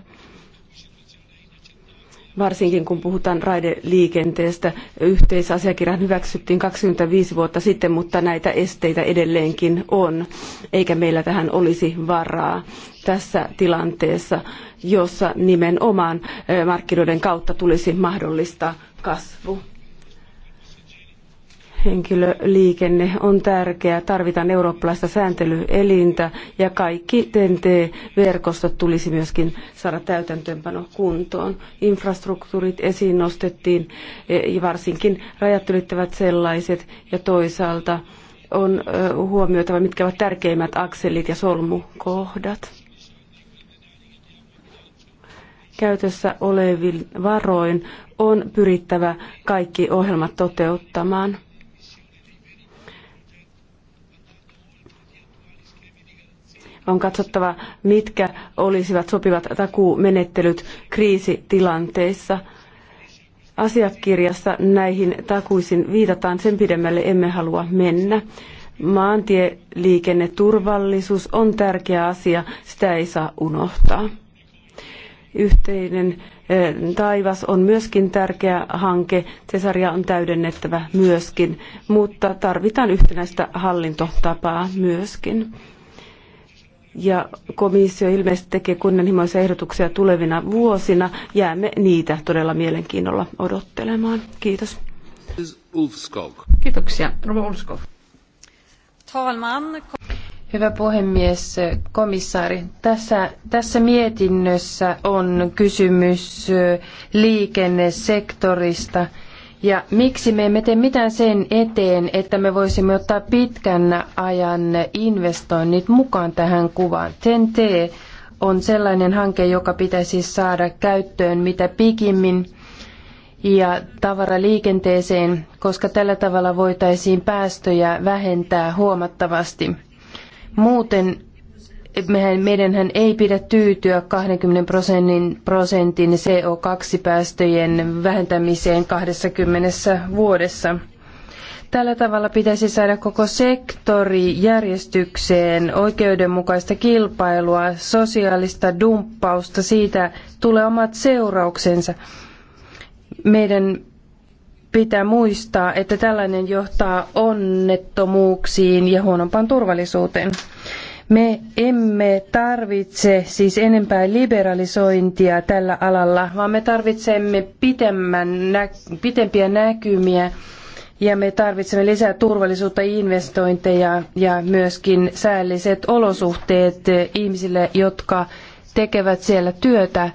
varsinkin kun puhutaan raideliikenteestä. Yhteisasiakirjan hyväksyttiin 25 vuotta sitten, mutta näitä esteitä edelleenkin on, eikä meillä tähän olisi varaa tässä tilanteessa, jossa nimenomaan eh, markkinoiden kautta tulisi mahdollistaa kasvu henkilöliikenne on tärkeä. Tarvitaan eurooppalaista sääntelyelintä ja kaikki TNT-verkostot tulisi myöskin saada täytäntöönpano kuntoon. Infrastruktuurit esiin nostettiin, e, varsinkin rajat ylittävät sellaiset ja toisaalta on e, huomioitava, mitkä ovat tärkeimmät akselit ja solmukohdat. Käytössä olevin varoin on pyrittävä kaikki ohjelmat toteuttamaan. On katsottava, mitkä olisivat sopivat takuumenettelyt kriisitilanteissa. Asiakirjassa näihin takuisin viitataan, sen pidemmälle emme halua mennä. Maantieliikenneturvallisuus on tärkeä asia, sitä ei saa unohtaa yhteinen taivas on myöskin tärkeä hanke, Cesaria on täydennettävä myöskin, mutta tarvitaan yhtenäistä hallintotapaa myöskin ja komissio ilmeisesti tekee kunnianhimoisia ehdotuksia tulevina vuosina. Jäämme niitä todella mielenkiinnolla odottelemaan. Kiitos. Kiitoksia. Talman. Hyvä puhemies, komissaari. Tässä, tässä mietinnössä on kysymys liikennesektorista ja miksi me emme tee mitään sen eteen, että me voisimme ottaa pitkän ajan investoinnit mukaan tähän kuvaan? TEN-T on sellainen hanke, joka pitäisi saada käyttöön mitä pikimmin ja tavaraliikenteeseen, koska tällä tavalla voitaisiin päästöjä vähentää huomattavasti. Muuten meidänhän ei pidä tyytyä 20 prosentin, prosentin CO2-päästöjen vähentämiseen 20 vuodessa. Tällä tavalla pitäisi saada koko sektori järjestykseen oikeudenmukaista kilpailua, sosiaalista dumppausta, siitä tulee omat seurauksensa. Meidän pitää muistaa, että tällainen johtaa onnettomuuksiin ja huonompaan turvallisuuteen. Me emme tarvitse siis enempää liberalisointia tällä alalla, vaan me tarvitsemme pitemmän, nä, pitempiä näkymiä ja me tarvitsemme lisää turvallisuutta, investointeja ja myöskin säälliset olosuhteet ihmisille, jotka tekevät siellä työtä,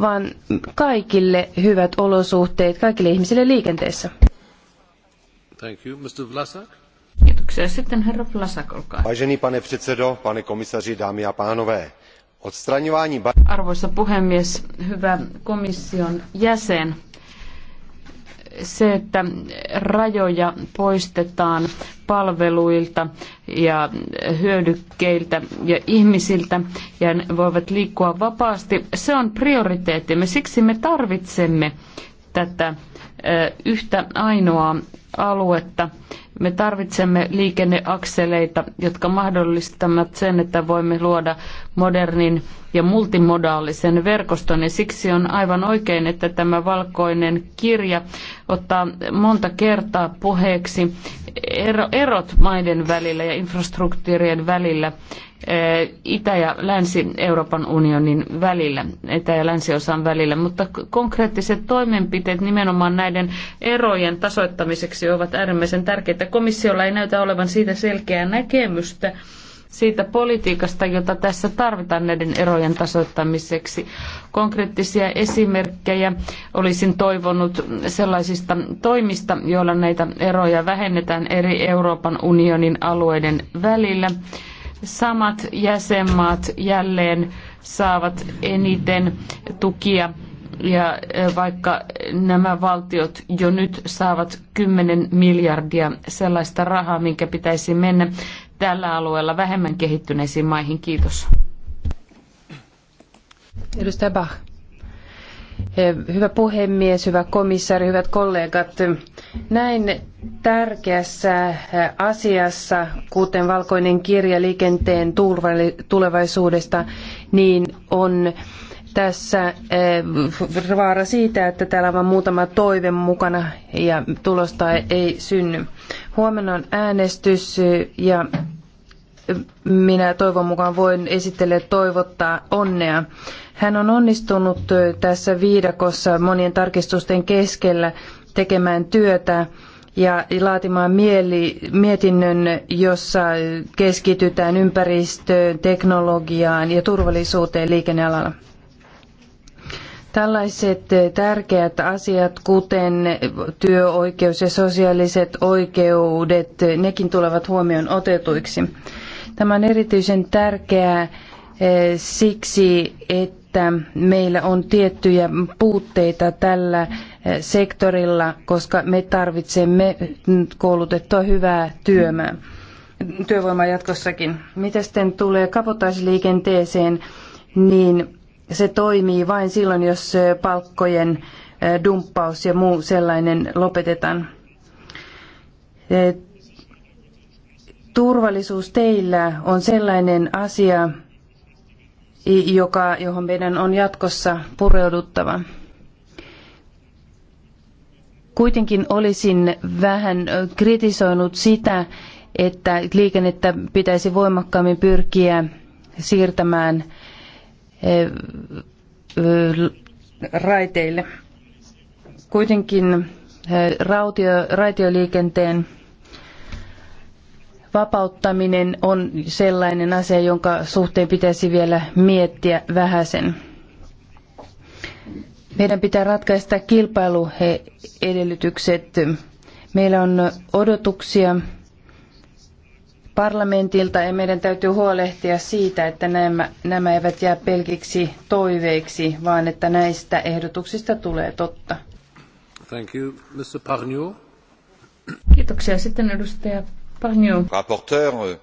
vaan kaikille hyvät olosuhteet, kaikille ihmisille liikenteessä. Thank you. Mr. Vlasak? Sitten herra Vlasak, olkaa. Vážený pane předsedo, pane komisaři, dámy a pánové. Odstraňování... Arvoisa puhemies, hyvä komission jäsen se, että rajoja poistetaan palveluilta ja hyödykkeiltä ja ihmisiltä ja ne voivat liikkua vapaasti, se on prioriteettimme. Siksi me tarvitsemme tätä yhtä ainoaa aluetta. Me tarvitsemme liikenneakseleita, jotka mahdollistavat sen, että voimme luoda modernin ja multimodaalisen verkoston. Ja siksi on aivan oikein, että tämä valkoinen kirja ottaa monta kertaa puheeksi erot maiden välillä ja infrastruktuurien välillä Itä- ja Länsi-Euroopan unionin välillä, Itä- ja Länsiosan välillä, mutta konkreettiset toimenpiteet nimenomaan näiden erojen tasoittamiseksi ovat äärimmäisen tärkeitä. Komissiolla ei näytä olevan siitä selkeää näkemystä siitä politiikasta, jota tässä tarvitaan näiden erojen tasoittamiseksi. Konkreettisia esimerkkejä olisin toivonut sellaisista toimista, joilla näitä eroja vähennetään eri Euroopan unionin alueiden välillä samat jäsenmaat jälleen saavat eniten tukia ja eh, vaikka nämä valtiot jo nyt saavat 10 miljardia sellaista rahaa, minkä pitäisi mennä tällä alueella vähemmän kehittyneisiin maihin. Kiitos. Edustaja Bach. Eh, hyvä puhemies, hyvä komissaari, hyvät kollegat. Näin tärkeässä äh, asiassa, kuten valkoinen kirja liikenteen tulevaisuudesta, niin on tässä äh, vaara siitä, että täällä on vain muutama toive mukana ja tulosta ei synny. Huomenna on äänestys ja minä toivon mukaan voin esittelijä toivottaa onnea. Hän on onnistunut äh, tässä viidakossa monien tarkistusten keskellä tekemään työtä ja laatimaan mieli, mietinnön, jossa keskitytään ympäristöön, teknologiaan ja turvallisuuteen liikennealalla. Tällaiset tärkeät asiat, kuten työoikeus ja sosiaaliset oikeudet, nekin tulevat huomioon otetuiksi. Tämä on erityisen tärkeää eh, siksi, että että meillä on tiettyjä puutteita tällä eh, sektorilla, koska me tarvitsemme koulutettua hyvää työmää, työvoimaa jatkossakin. Mitä sitten tulee kapotaisliikenteeseen, niin se toimii vain silloin, jos eh, palkkojen eh, dumppaus ja muu sellainen lopetetaan. Turvallisuus teillä on sellainen asia, joka, johon meidän on jatkossa pureuduttava. Kuitenkin olisin vähän kritisoinut sitä, että liikennettä pitäisi voimakkaammin pyrkiä siirtämään eh, eh, raiteille. Kuitenkin eh, rautio, raitioliikenteen vapauttaminen on sellainen asia, jonka suhteen pitäisi vielä miettiä vähäsen. Meidän pitää ratkaista kilpailuedellytykset. Meillä on odotuksia parlamentilta ja meidän täytyy huolehtia siitä, että nämä, nämä eivät jää pelkiksi toiveiksi, vaan että näistä ehdotuksista tulee totta. Thank you, Mr. Kiitoksia. Sitten edustaja Euh,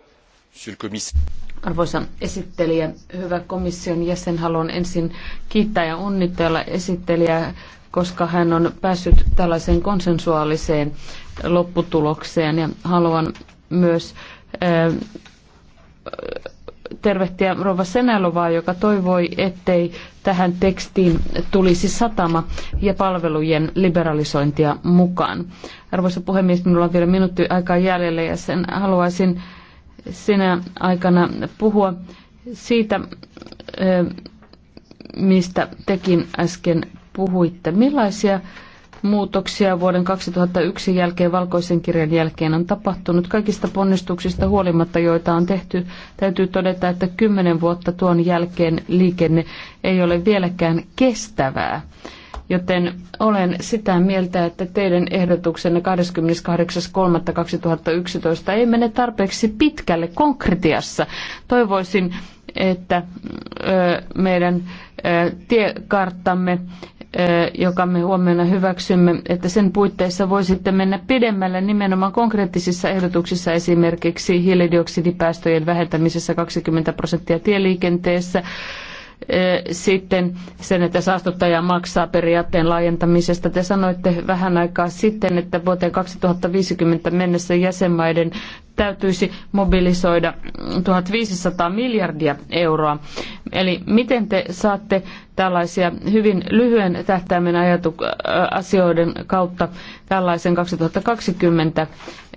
Arvoisa esittelijä, hyvä komission jäsen, haluan ensin kiittää ja onnitella esittelijää, koska hän on päässyt tällaiseen konsensuaaliseen lopputulokseen ja haluan myös äh, tervehtiä Rova Senelovaa, joka toivoi, ettei tähän tekstiin tulisi satama ja palvelujen liberalisointia mukaan. Arvoisa puhemies, minulla on vielä minuutti aikaa jäljellä ja sen haluaisin sinä aikana puhua siitä, eh, mistä tekin äsken puhuitte. Millaisia muutoksia vuoden 2001 jälkeen valkoisen kirjan jälkeen on tapahtunut. Kaikista ponnistuksista huolimatta, joita on tehty, täytyy todeta, että kymmenen vuotta tuon jälkeen liikenne ei ole vieläkään kestävää. Joten olen sitä mieltä, että teidän ehdotuksenne 28.3.2011 ei mene tarpeeksi pitkälle konkretiassa. Toivoisin, että meidän tiekarttamme joka me huomenna hyväksymme, että sen puitteissa voisitte mennä pidemmälle nimenomaan konkreettisissa ehdotuksissa esimerkiksi hiilidioksidipäästöjen vähentämisessä 20 prosenttia tieliikenteessä, Eh, sitten sen, että saastuttaja maksaa periaatteen laajentamisesta. Te sanoitte vähän aikaa sitten, että vuoteen 2050 mennessä jäsenmaiden täytyisi mobilisoida 1500 miljardia euroa. Eli miten te saatte tällaisia hyvin lyhyen tähtäimen ajatu- asioiden kautta tällaisen 2020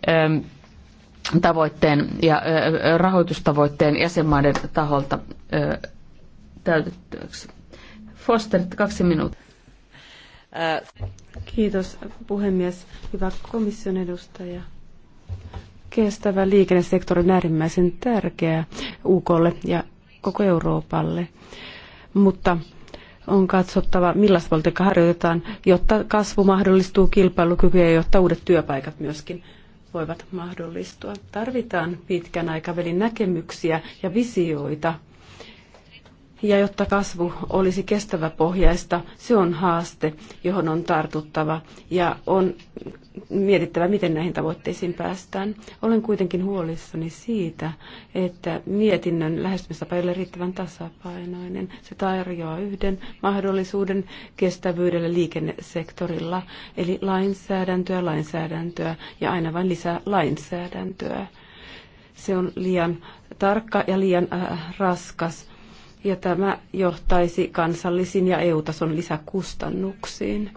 ähm, tavoitteen ja äh, rahoitustavoitteen jäsenmaiden taholta äh, täytettyäksi. Foster, kaksi minuuttia. Äh. Kiitos puhemies. Hyvä komission edustaja. Kestävä liikennesektori on äärimmäisen tärkeä UKlle ja koko Euroopalle, mutta on katsottava, millaista politiikkaa harjoitetaan, jotta kasvu mahdollistuu kilpailukykyä ja jotta uudet työpaikat myöskin voivat mahdollistua. Tarvitaan pitkän aikavälin näkemyksiä ja visioita ja jotta kasvu olisi kestävä pohjaista, se on haaste, johon on tartuttava ja on mietittävä, miten näihin tavoitteisiin päästään. Olen kuitenkin huolissani siitä, että mietinnön lähestymistapa ei ole riittävän tasapainoinen. Se tarjoaa yhden mahdollisuuden kestävyydelle liikennesektorilla, eli lainsäädäntöä, lainsäädäntöä ja aina vain lisää lainsäädäntöä. Se on liian tarkka ja liian äh, raskas ja tämä johtaisi kansallisiin ja EU-tason lisäkustannuksiin.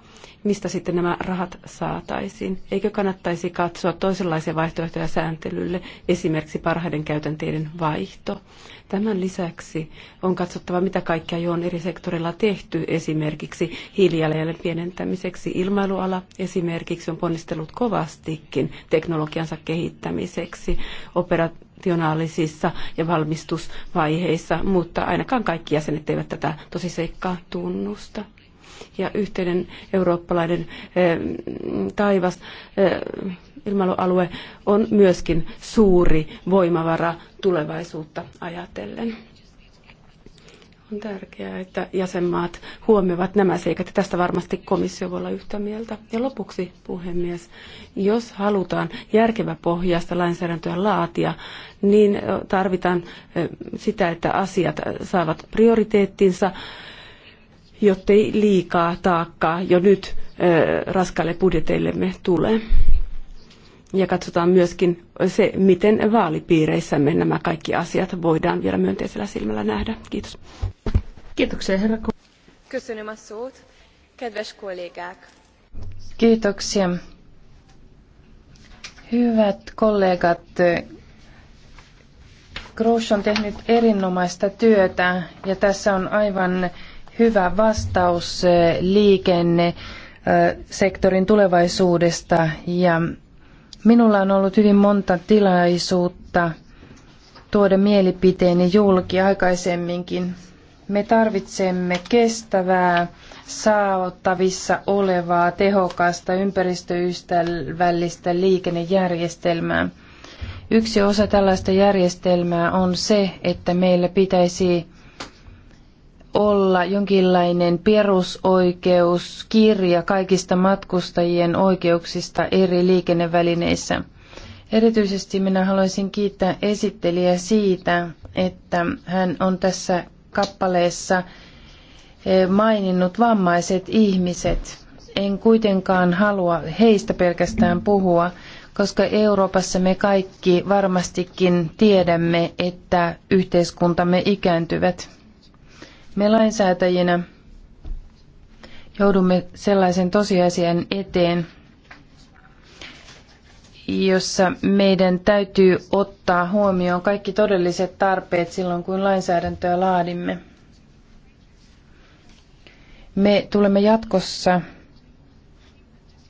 Mistä sitten nämä rahat saataisiin? Eikö kannattaisi katsoa toisenlaisia vaihtoehtoja sääntelylle, esimerkiksi parhaiden käytänteiden vaihto? Tämän lisäksi on katsottava, mitä kaikkea jo on eri sektoreilla tehty, esimerkiksi hiilijalanjäljen pienentämiseksi. Ilmailuala esimerkiksi on ponnistellut kovastikin teknologiansa kehittämiseksi. Operat rationaalisissa ja valmistusvaiheissa, mutta ainakaan kaikki jäsenet eivät tätä tosiseikkaa tunnusta ja yhteinen eurooppalainen eh, taivas, eh, ilmailualue on myöskin suuri voimavara tulevaisuutta ajatellen. On tärkeää, että jäsenmaat huomioivat nämä seikat. Tästä varmasti komissio voi olla yhtä mieltä. Ja lopuksi, puhemies, jos halutaan järkevä pohjasta lainsäädäntöä laatia, niin tarvitaan sitä, että asiat saavat prioriteettinsa, jottei liikaa taakkaa jo nyt raskaille budjeteillemme tulee. Ja katsotaan myöskin se, miten vaalipiireissämme nämä kaikki asiat voidaan vielä myönteisellä silmällä nähdä. Kiitos. Kiitoksia herra. Köszönöm Kedves Kiitoksia. Hyvät kollegat, Grosch on tehnyt erinomaista työtä ja tässä on aivan hyvä vastaus liikenne sektorin tulevaisuudesta ja Minulla on ollut hyvin monta tilaisuutta tuoda mielipiteeni julki aikaisemminkin. Me tarvitsemme kestävää, saavuttavissa olevaa, tehokasta, ympäristöystävällistä liikennejärjestelmää. Yksi osa tällaista järjestelmää on se, että meillä pitäisi olla jonkinlainen perusoikeuskirja kaikista matkustajien oikeuksista eri liikennevälineissä. Erityisesti minä haluaisin kiittää esittelijää siitä, että hän on tässä kappaleessa eh, maininnut vammaiset ihmiset. En kuitenkaan halua heistä pelkästään puhua, koska Euroopassa me kaikki varmastikin tiedämme, että yhteiskuntamme ikääntyvät. Me lainsäätäjinä joudumme sellaisen tosiasian eteen, jossa meidän täytyy ottaa huomioon kaikki todelliset tarpeet silloin, kun lainsäädäntöä laadimme. Me tulemme jatkossa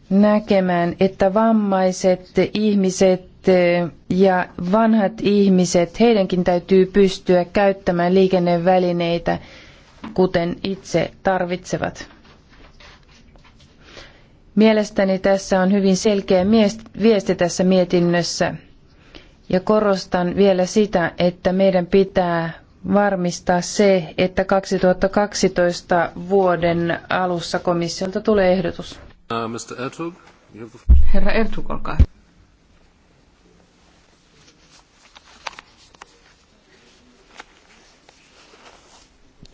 näkemään, että vammaiset ihmiset eh, ja vanhat ihmiset, heidänkin täytyy pystyä käyttämään liikennevälineitä kuten itse tarvitsevat. Mielestäni tässä on hyvin selkeä viesti tässä mietinnössä ja korostan vielä sitä, että meidän pitää varmistaa se, että 2012 vuoden alussa komissiolta tulee ehdotus. Uh, Herra Ertug, olkaa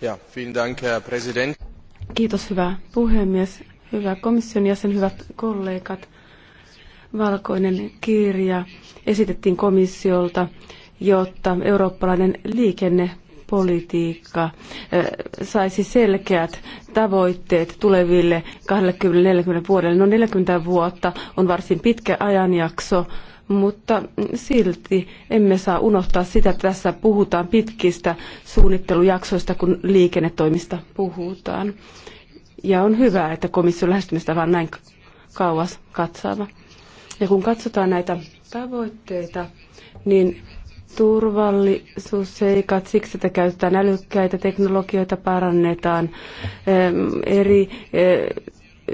Ja, dank, herr Kiitos hyvä puhemies, hyvä komission jäsen, hyvät kollegat. Valkoinen kirja esitettiin komissiolta, jotta eurooppalainen liikennepolitiikka saisi selkeät tavoitteet tuleville 20-40 vuodelle. No 40 vuotta on varsin pitkä ajanjakso, mutta silti emme saa unohtaa sitä, että tässä puhutaan pitkistä suunnittelujaksoista, kun liikennetoimista puhutaan. Ja on hyvä, että komission lähestymistapa on näin kauas katsaava. Ja kun katsotaan näitä tavoitteita, niin turvallisuusseikat, siksi että käytetään älykkäitä teknologioita, parannetaan eri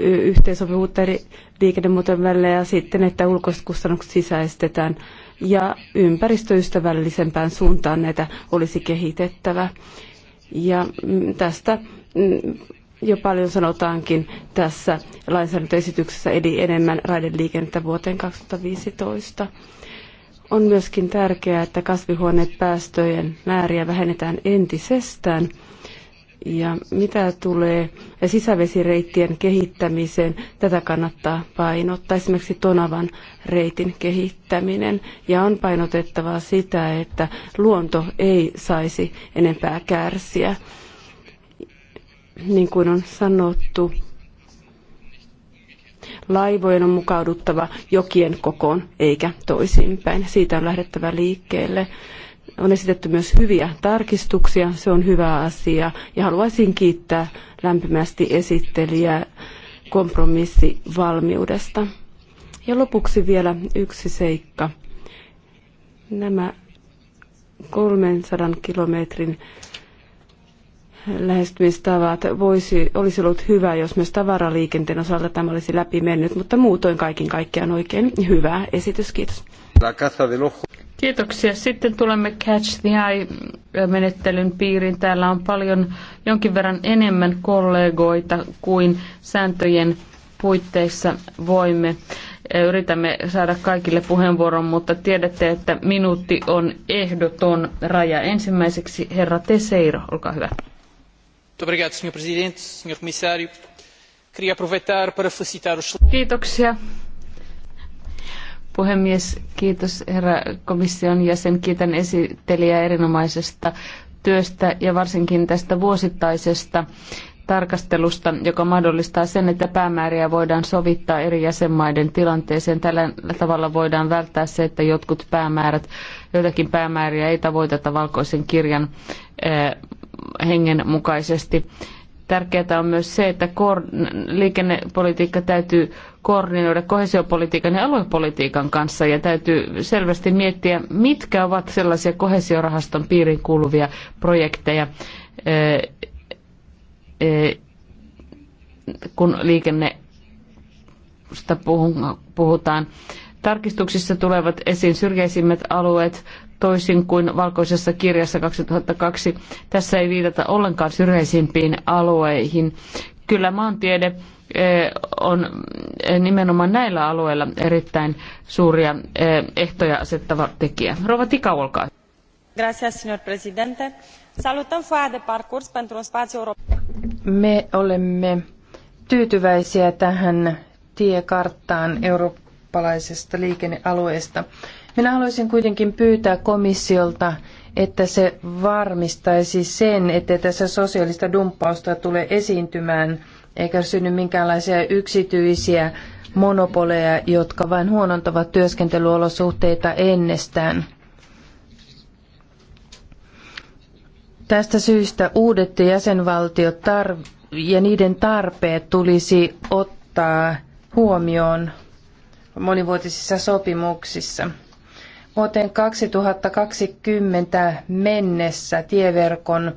yhteensopivuutta eri liikennemuotojen välillä ja sitten, että ulkoiset kustannukset sisäistetään ja ympäristöystävällisempään suuntaan näitä olisi kehitettävä. Ja mm, tästä mm, jo paljon sanotaankin tässä lainsäädäntöesityksessä, eli enemmän raideliikennettä vuoteen 2015. On myöskin tärkeää, että kasvihuonepäästöjen määriä vähennetään entisestään – ja mitä tulee sisävesireittien kehittämiseen, tätä kannattaa painottaa. Esimerkiksi Tonavan reitin kehittäminen. Ja on painotettavaa sitä, että luonto ei saisi enempää kärsiä. Niin kuin on sanottu, laivojen on mukauduttava jokien kokoon eikä toisinpäin. Siitä on lähdettävä liikkeelle. On esitetty myös hyviä tarkistuksia, se on hyvä asia ja haluaisin kiittää lämpimästi esittelijää kompromissivalmiudesta. Ja lopuksi vielä yksi seikka. Nämä 300 kilometrin lähestymistavat voisi, olisi ollut hyvä, jos myös tavaraliikenteen osalta tämä olisi läpi mennyt, mutta muutoin kaiken kaikkiaan oikein hyvä esitys. Kiitos. Kiitoksia. Sitten tulemme Catch the Eye-menettelyn piiriin. Täällä on paljon jonkin verran enemmän kollegoita kuin sääntöjen puitteissa voimme. Yritämme saada kaikille puheenvuoron, mutta tiedätte, että minuutti on ehdoton raja. Ensimmäiseksi herra Teseiro, olkaa hyvä. Kiitoksia, Puhemies, kiitos herra komission jäsen. Kiitän esittelijää erinomaisesta työstä ja varsinkin tästä vuosittaisesta tarkastelusta, joka mahdollistaa sen, että päämääriä voidaan sovittaa eri jäsenmaiden tilanteeseen. Tällä tavalla voidaan välttää se, että jotkut päämäärät, joitakin päämääriä ei tavoiteta valkoisen kirjan eh, hengen mukaisesti. Tärkeää on myös se, että liikennepolitiikka täytyy koordinoida kohesiopolitiikan ja aluepolitiikan kanssa ja täytyy selvästi miettiä, mitkä ovat sellaisia kohesiorahaston piiriin kuuluvia projekteja, kun liikennestä puhutaan. Tarkistuksissa tulevat esiin syrjäisimmät alueet, toisin kuin valkoisessa kirjassa 2002. Tässä ei viitata ollenkaan syrjäisimpiin alueihin. Kyllä maantiede eh, on eh, nimenomaan näillä alueilla erittäin suuria eh, ehtoja asettava tekijä. Rova Tika, olkaa Salutăm foaia de parcurs pentru un spațiu Me olemme tyytyväisiä tähän tiekarttaan eurooppalaisesta liikennealueesta. Minä haluaisin kuitenkin pyytää komissiolta, että se varmistaisi sen, että tässä sosiaalista dumppausta tulee esiintymään eikä synny minkäänlaisia yksityisiä monopoleja, jotka vain huonontavat työskentelyolosuhteita ennestään. Tästä syystä uudet jäsenvaltiot ja niiden tarpeet tulisi ottaa huomioon monivuotisissa sopimuksissa. Vuoteen 2020 mennessä tieverkon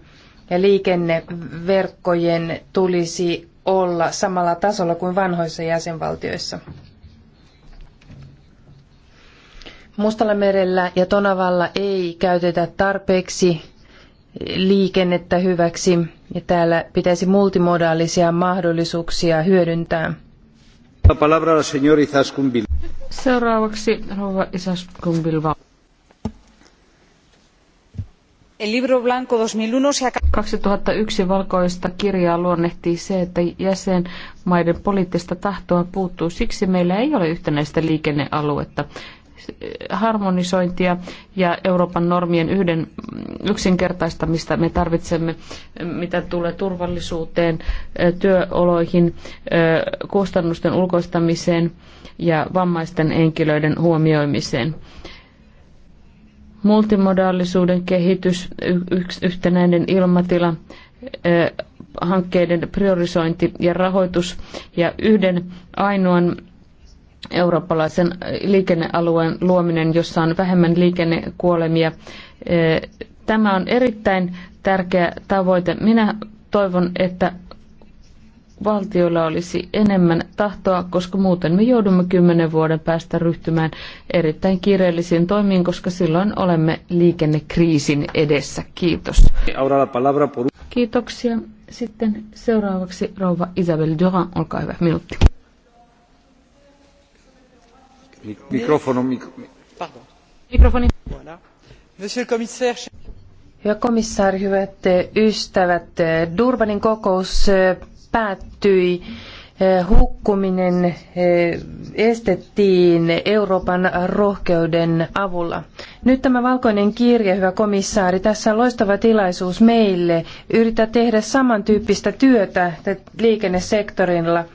ja liikenneverkkojen tulisi olla samalla tasolla kuin vanhoissa jäsenvaltioissa. Mustalla merellä ja Tonavalla ei käytetä tarpeeksi liikennettä hyväksi ja täällä pitäisi multimodaalisia mahdollisuuksia hyödyntää. La palabra la Seuraavaksi rouva El libro blanco 2001 2001 valkoista kirjaa luonnehtii se, että jäsenmaiden poliittista tahtoa puuttuu. Siksi meillä ei ole yhtenäistä liikennealuetta harmonisointia ja Euroopan normien yhden yksinkertaistamista me tarvitsemme, mitä tulee turvallisuuteen, työoloihin, kustannusten ulkoistamiseen ja vammaisten henkilöiden huomioimiseen multimodaalisuuden kehitys, yhtenäinen ilmatila, hankkeiden priorisointi ja rahoitus ja yhden ainoan eurooppalaisen liikennealueen luominen, jossa on vähemmän liikennekuolemia. Tämä on erittäin tärkeä tavoite. Minä toivon, että valtioilla olisi enemmän tahtoa, koska muuten me joudumme kymmenen vuoden päästä ryhtymään erittäin kiireellisiin toimiin, koska silloin olemme liikennekriisin edessä. Kiitos. Kiitoksia. Sitten seuraavaksi rouva Isabel Durand, olkaa hyvä, minuutti. Hyvä komissaari, hyvät eh, ystävät, eh, Durbanin kokous eh, päättyi. Hukkuminen estettiin Euroopan rohkeuden avulla. Nyt tämä valkoinen kirja, hyvä komissaari, tässä on loistava tilaisuus meille yrittää tehdä samantyyppistä työtä liikennesektorilla –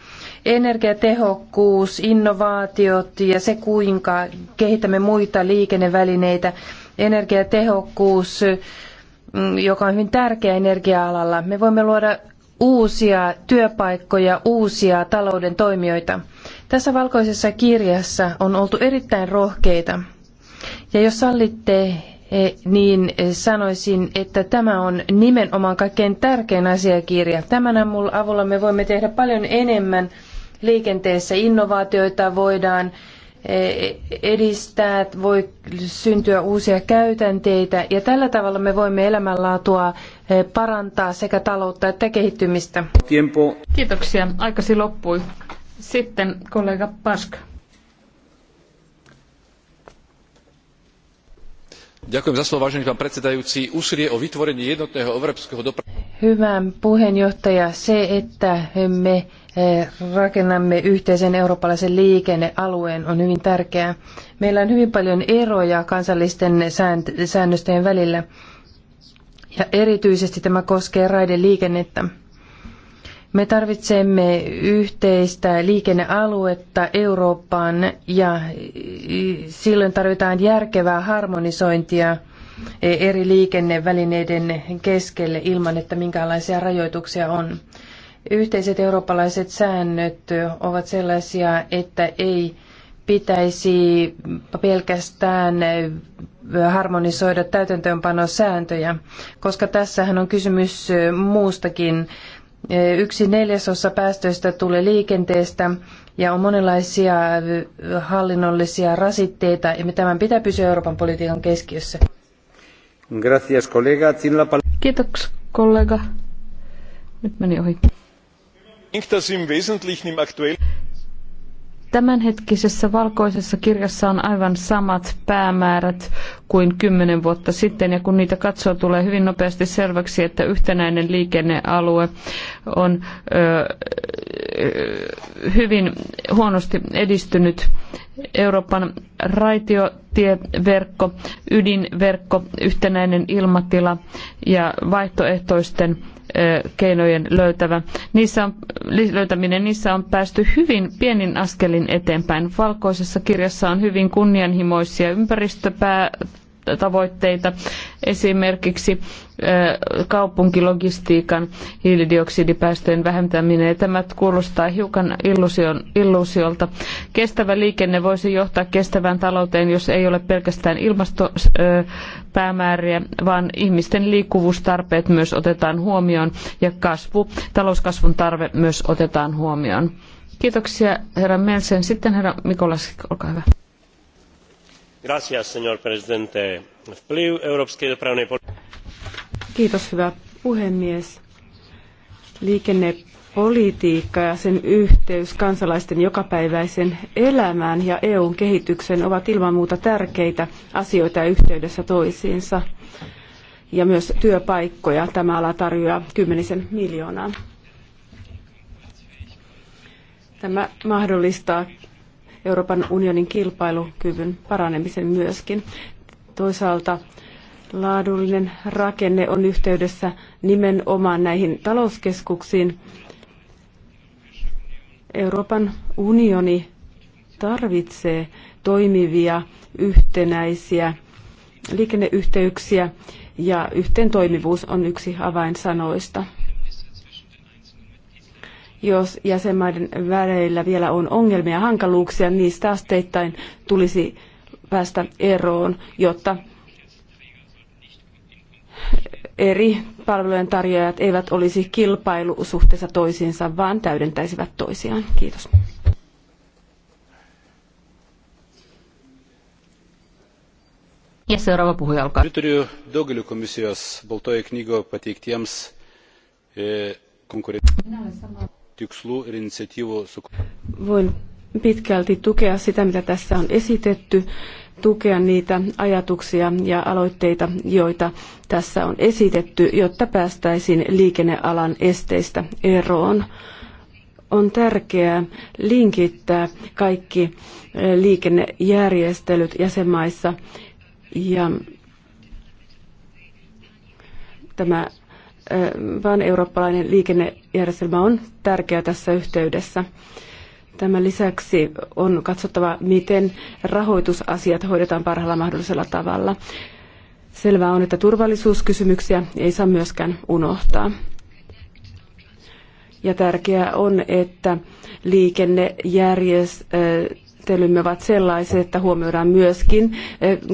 energiatehokkuus, innovaatiot ja se, kuinka kehitämme muita liikennevälineitä, energiatehokkuus, mm, joka on hyvin tärkeä energia-alalla. Me voimme luoda uusia työpaikkoja, uusia talouden toimijoita. Tässä valkoisessa kirjassa on oltu erittäin rohkeita. Ja jos sallitte, eh, niin sanoisin, että tämä on nimenomaan kaikkein tärkein asiakirja. Tämän avulla me voimme tehdä paljon enemmän liikenteessä innovaatioita voidaan e, edistää, voi syntyä uusia käytänteitä ja tällä tavalla me voimme elämänlaatua e, parantaa sekä taloutta että kehittymistä. Tiempo. Kiitoksia. Aikasi loppui. Sitten kollega Paska. úsilie o vytvorenie jednotného európskeho Hyvä puheenjohtaja, se, että me eh, rakennamme yhteisen eurooppalaisen liikennealueen on hyvin tärkeää. Meillä on hyvin paljon eroja kansallisten säännöstöjen välillä ja erityisesti tämä koskee raideliikennettä. liikennettä. Me tarvitsemme yhteistä liikennealuetta Eurooppaan ja e, silloin tarvitaan järkevää harmonisointia e, eri liikennevälineiden keskelle ilman, että minkäänlaisia rajoituksia on. Yhteiset eurooppalaiset säännöt ovat sellaisia, että ei pitäisi pelkästään harmonisoida täytäntöönpanosääntöjä, koska tässähän on kysymys muustakin Yksi neljäsosa päästöistä tulee liikenteestä ja on monenlaisia äh, hallinnollisia rasitteita ja tämän pitää pysyä Euroopan politiikan keskiössä. Gracias, kollega. Kiitoksia, kollega. Nyt meni ohi. Tämänhetkisessä valkoisessa kirjassa on aivan samat päämäärät kuin kymmenen vuotta sitten, ja kun niitä katsoo, tulee hyvin nopeasti selväksi, että yhtenäinen liikennealue on hyvin huonosti edistynyt Euroopan raitiotieverkko, ydinverkko, yhtenäinen ilmatila ja vaihtoehtoisten keinojen löytävä. Niissä on, löytäminen niissä on päästy hyvin pienin askelin eteenpäin. Valkoisessa kirjassa on hyvin kunnianhimoisia ympäristöpää tavoitteita, esimerkiksi kaupunkilogistiikan hiilidioksidipäästöjen vähentäminen. Tämä kuulostaa hiukan illusion, illuusiolta. Kestävä liikenne voisi johtaa kestävään talouteen, jos ei ole pelkästään ilmastopäämääriä, vaan ihmisten liikkuvuustarpeet myös otetaan huomioon ja kasvu, talouskasvun tarve myös otetaan huomioon. Kiitoksia herra Melsen. Sitten herra Mikolas, olkaa hyvä vplyv európskej dopravnej Kiitos hyvä puhemies. Liikennepolitiikka ja sen yhteys kansalaisten jokapäiväisen elämään ja EUn kehitykseen ovat ilman muuta tärkeitä asioita yhteydessä toisiinsa. Ja myös työpaikkoja tämä ala tarjoaa kymmenisen miljoonaa. Tämä mahdollistaa Euroopan unionin kilpailukyvyn paranemisen myöskin. Toisaalta laadullinen rakenne on yhteydessä nimenomaan näihin talouskeskuksiin. Euroopan unioni tarvitsee toimivia, yhtenäisiä liikenneyhteyksiä ja yhteentoimivuus on yksi avainsanoista. Jos jäsenmaiden väreillä vielä on ongelmia ja hankaluuksia, niistä asteittain tulisi päästä eroon, jotta eri palvelujen tarjoajat eivät olisi kilpailusuhteessa toisiinsa, vaan täydentäisivät toisiaan. Kiitos. Ja seuraava puhuja alkaa. Pritariu daugeliu komisijos pateiktiems e, tikslų ir iniciatyvų Voin pitkälti tukea sitä, mitä tässä on esitetty, tukea niitä ajatuksia ja aloitteita, joita tässä on esitetty, jotta päästäisiin liikennealan esteistä eroon on tärkeää linkittää kaikki eh, liikennejärjestelyt jäsenmaissa ja tämä vaan eurooppalainen liikennejärjestelmä on tärkeä tässä yhteydessä. Tämän lisäksi on katsottava, miten rahoitusasiat hoidetaan parhaalla mahdollisella tavalla. Selvää on, että turvallisuuskysymyksiä ei saa myöskään unohtaa. Ja tärkeää on, että liikennejärjestelymme ovat sellaiset, että huomioidaan myöskin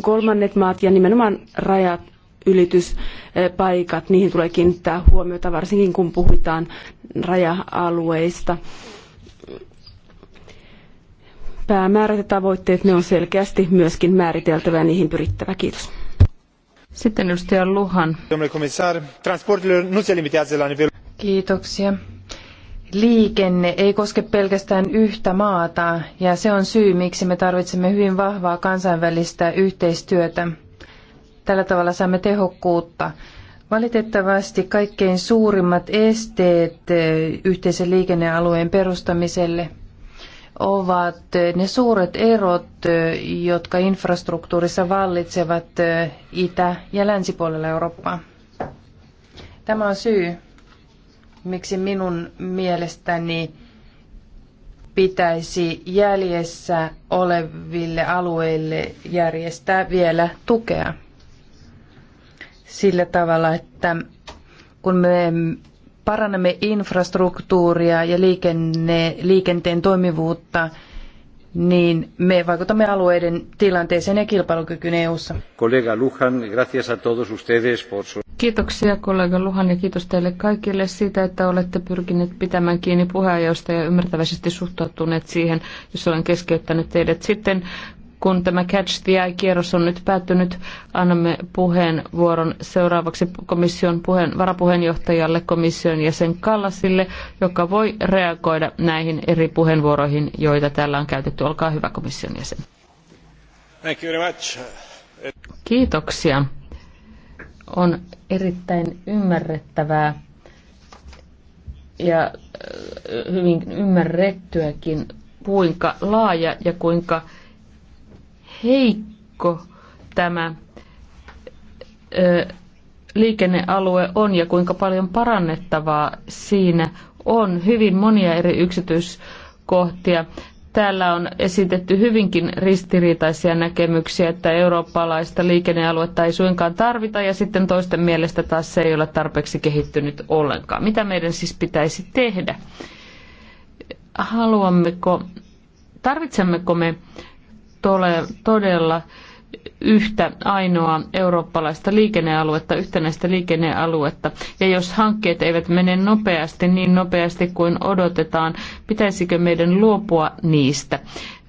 kolmannet maat ja nimenomaan rajat ylityspaikat, niihin tulee kiinnittää huomiota, varsinkin kun puhutaan raja-alueista. Päämäärät ja tavoitteet, ne on selkeästi myöskin määriteltävä ja niihin pyrittävä. Kiitos. Sitten edustaja Luhan. Kiitoksia. Liikenne ei koske pelkästään yhtä maata ja se on syy, miksi me tarvitsemme hyvin vahvaa kansainvälistä yhteistyötä. Tällä tavalla saamme tehokkuutta. Valitettavasti kaikkein suurimmat esteet eh, yhteisen liikennealueen perustamiselle ovat eh, ne suuret erot, eh, jotka infrastruktuurissa vallitsevat itä- ja länsipuolella Eurooppaa. Tämä on syy, miksi minun mielestäni pitäisi jäljessä oleville alueille järjestää vielä tukea sillä tavalla, että kun me parannamme infrastruktuuria ja liikenne, liikenteen toimivuutta, niin me vaikutamme alueiden tilanteeseen ja kilpailukykyyn EU-ssa. Kollega Luhan, gracias a todos ustedes por su... Kiitoksia kollega Luhan ja kiitos teille kaikille siitä, että olette pyrkineet pitämään kiinni puheenjohtajasta ja ymmärtäväisesti suhtautuneet siihen, jos olen keskeyttänyt teidät. Sitten kun tämä Catch the Eye-kierros on nyt päättynyt, annamme puheenvuoron seuraavaksi komission puheen, varapuheenjohtajalle, komission jäsen Kallasille, joka voi reagoida näihin eri puheenvuoroihin, joita täällä on käytetty. Olkaa hyvä komission jäsen. Thank you very much. Kiitoksia. On erittäin ymmärrettävää ja äh, hyvin ymmärrettyäkin, kuinka laaja ja kuinka heikko tämä ö, liikennealue on ja kuinka paljon parannettavaa siinä on. Hyvin monia eri yksityiskohtia. Täällä on esitetty hyvinkin ristiriitaisia näkemyksiä, että eurooppalaista liikennealuetta ei suinkaan tarvita ja sitten toisten mielestä taas se ei ole tarpeeksi kehittynyt ollenkaan. Mitä meidän siis pitäisi tehdä? Haluammeko, tarvitsemmeko me tole, todella yhtä ainoa eurooppalaista liikennealuetta, yhtenäistä liikennealuetta. Ja jos hankkeet eivät mene nopeasti, niin nopeasti kuin odotetaan, pitäisikö meidän luopua niistä?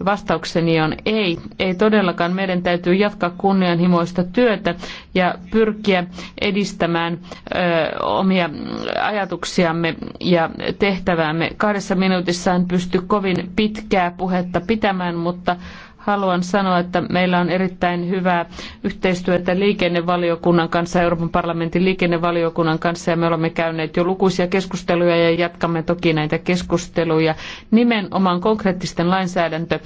Vastaukseni on ei. Ei todellakaan. Meidän täytyy jatkaa kunnianhimoista työtä ja pyrkiä edistämään ö, omia ajatuksiamme ja tehtäväämme. Kahdessa minuutissa en pysty kovin pitkää puhetta pitämään, mutta haluan sanoa, että meillä on erittäin hyvää yhteistyötä liikennevaliokunnan kanssa, Euroopan parlamentin liikennevaliokunnan kanssa, ja me olemme käyneet jo lukuisia keskusteluja ja jatkamme toki näitä keskusteluja nimenomaan konkreettisten lainsäädäntö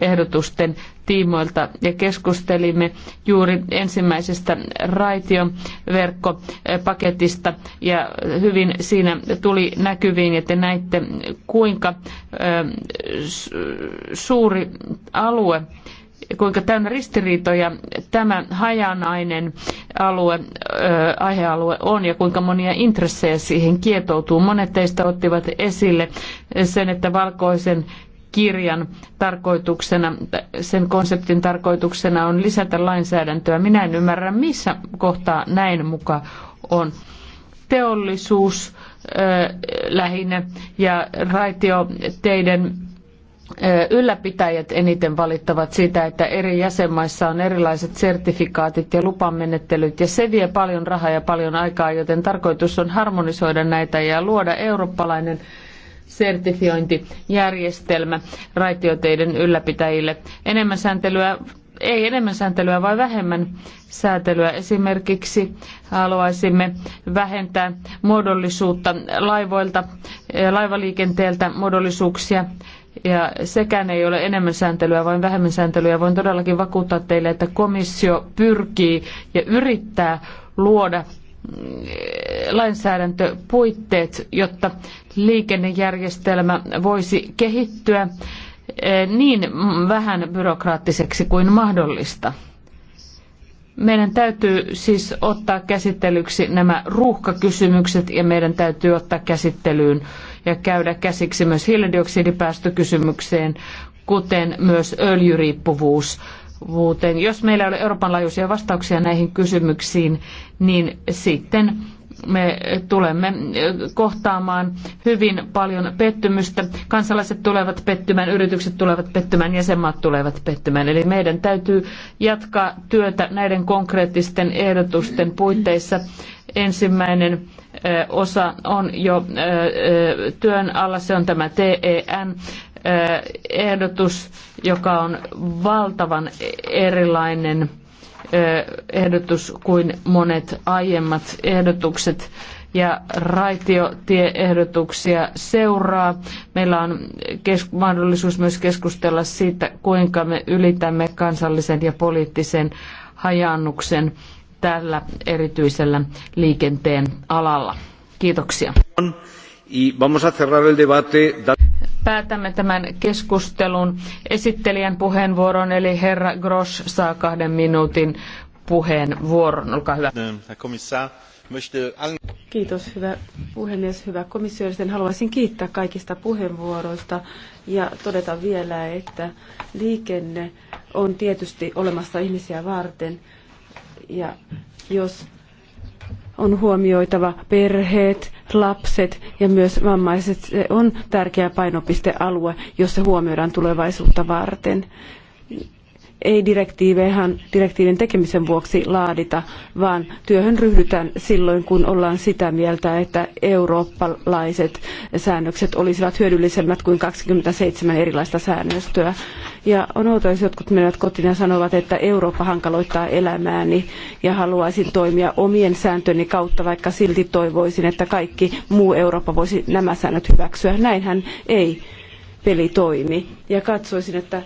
ehdotusten tiimoilta ja keskustelimme juuri ensimmäisestä raitioverkkopaketista ja hyvin siinä tuli näkyviin ja te näitte kuinka suuri alue kuinka täynnä ristiriitoja tämä hajanainen alue, ö, aihealue on ja kuinka monia intressejä siihen kietoutuu. Monet teistä ottivat esille sen, että valkoisen kirjan tarkoituksena, sen konseptin tarkoituksena on lisätä lainsäädäntöä. Minä en ymmärrä, missä kohtaa näin muka on. Teollisuus äh, lähinnä ja raitioteiden ylläpitäjät eniten valittavat siitä, että eri jäsenmaissa on erilaiset sertifikaatit ja lupamenettelyt, ja se vie paljon rahaa ja paljon aikaa, joten tarkoitus on harmonisoida näitä ja luoda eurooppalainen sertifiointijärjestelmä raitioteiden ylläpitäjille. Enemmän sääntelyä ei enemmän sääntelyä, vaan vähemmän säätelyä. Esimerkiksi haluaisimme vähentää muodollisuutta laivoilta, eh, laivaliikenteeltä muodollisuuksia. Ja sekään ei ole enemmän sääntelyä, vaan vähemmän sääntelyä. Voin todellakin vakuuttaa teille, että komissio pyrkii ja yrittää luoda mm, eh, lainsäädäntöpuitteet, jotta liikennejärjestelmä voisi kehittyä eh, niin vähän byrokraattiseksi kuin mahdollista. Meidän täytyy siis ottaa käsittelyksi nämä ruuhkakysymykset ja meidän täytyy ottaa käsittelyyn ja käydä käsiksi myös hiilidioksidipäästökysymykseen, kuten myös öljyriippuvuus Jos meillä ei ole Euroopan laajuisia vastauksia näihin kysymyksiin, niin sitten me tulemme eh, kohtaamaan hyvin paljon pettymystä. Kansalaiset tulevat pettymään, yritykset tulevat pettymään, jäsenmaat tulevat pettymään. Eli meidän täytyy jatkaa työtä näiden konkreettisten ehdotusten puitteissa. Ensimmäinen eh, osa on jo eh, työn alla, se on tämä TEN ehdotus, joka on valtavan erilainen ehdotus kuin monet aiemmat ehdotukset ja raitiotieehdotuksia seuraa. Meillä on mahdollisuus myös keskustella siitä, kuinka me ylitämme kansallisen ja poliittisen hajannuksen tällä erityisellä liikenteen alalla. Kiitoksia päätämme tämän keskustelun esittelijän puheenvuoron, eli herra Grosch saa kahden minuutin puheenvuoron. Olkaa hyvä. Kiitos, hyvä puhemies, hyvä komissio. haluaisin kiittää kaikista puheenvuoroista ja todeta vielä, että liikenne on tietysti olemassa ihmisiä varten. Ja jos on huomioitava perheet, lapset ja myös vammaiset. Se on tärkeä painopistealue, jossa huomioidaan tulevaisuutta varten ei direktiivehän direktiivin tekemisen vuoksi laadita, vaan työhön ryhdytään silloin, kun ollaan sitä mieltä, että eurooppalaiset säännökset olisivat hyödyllisemmät kuin 27 erilaista säännöstöä. Ja on outoa, jos jotkut menevät kotiin ja sanovat, että Eurooppa hankaloittaa elämääni ja haluaisin toimia omien sääntöni kautta, vaikka silti toivoisin, että kaikki muu Eurooppa voisi nämä säännöt hyväksyä. Näinhän ei peli toimi. Ja katsoisin, että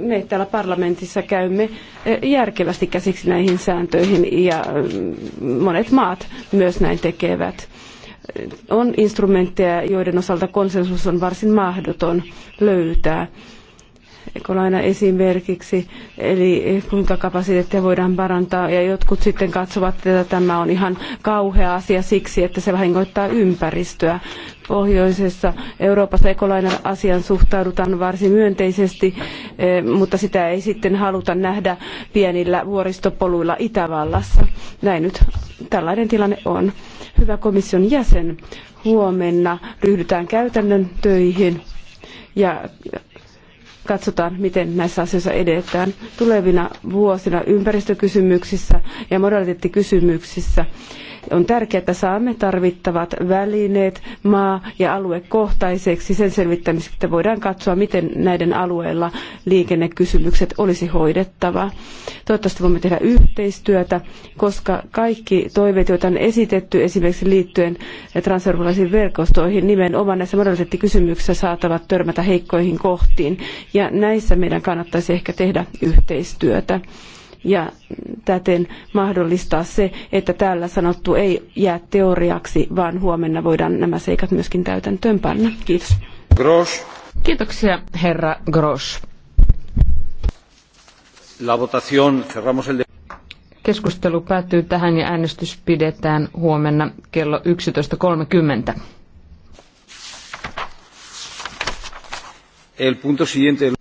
me täällä parlamentissa käymme eh, järkevästi käsiksi näihin sääntöihin ja mm, monet maat myös näin tekevät. Eh, on instrumentteja, joiden osalta konsensus on varsin mahdoton löytää ekolaina esimerkiksi, eli kuinka kapasiteettia voidaan parantaa, ja jotkut sitten katsovat, että tämä on ihan kauhea asia siksi, että se vahingoittaa ympäristöä. Pohjoisessa Euroopassa ekolaina-asian suhtaudutaan varsin myönteisesti, eh, mutta sitä ei sitten haluta nähdä pienillä vuoristopoluilla Itävallassa. Näin nyt tällainen tilanne on. Hyvä komission jäsen, huomenna ryhdytään käytännön töihin ja katsotaan, miten näissä asioissa edetään tulevina vuosina ympäristökysymyksissä ja moraliteettikysymyksissä. On tärkeää, että saamme tarvittavat välineet maa- ja aluekohtaiseksi sen selvittämiseksi, että voidaan katsoa, miten näiden alueilla liikennekysymykset olisi hoidettava. Toivottavasti voimme tehdä yhteistyötä, koska kaikki toiveet, joita on esitetty esimerkiksi liittyen transeurooppalaisiin verkostoihin, nimenomaan näissä moraliteettikysymyksissä saattavat törmätä heikkoihin kohtiin. Ja ja näissä meidän kannattaisi ehkä tehdä yhteistyötä ja täten mahdollistaa se, että täällä sanottu ei jää teoriaksi, vaan huomenna voidaan nämä seikat myöskin täytäntöönpanna. Kiitos. Grosch. Kiitoksia, herra Grosch. La votación, cerramos el... Keskustelu päättyy tähän ja äänestys pidetään huomenna kello 11.30. El punto siguiente.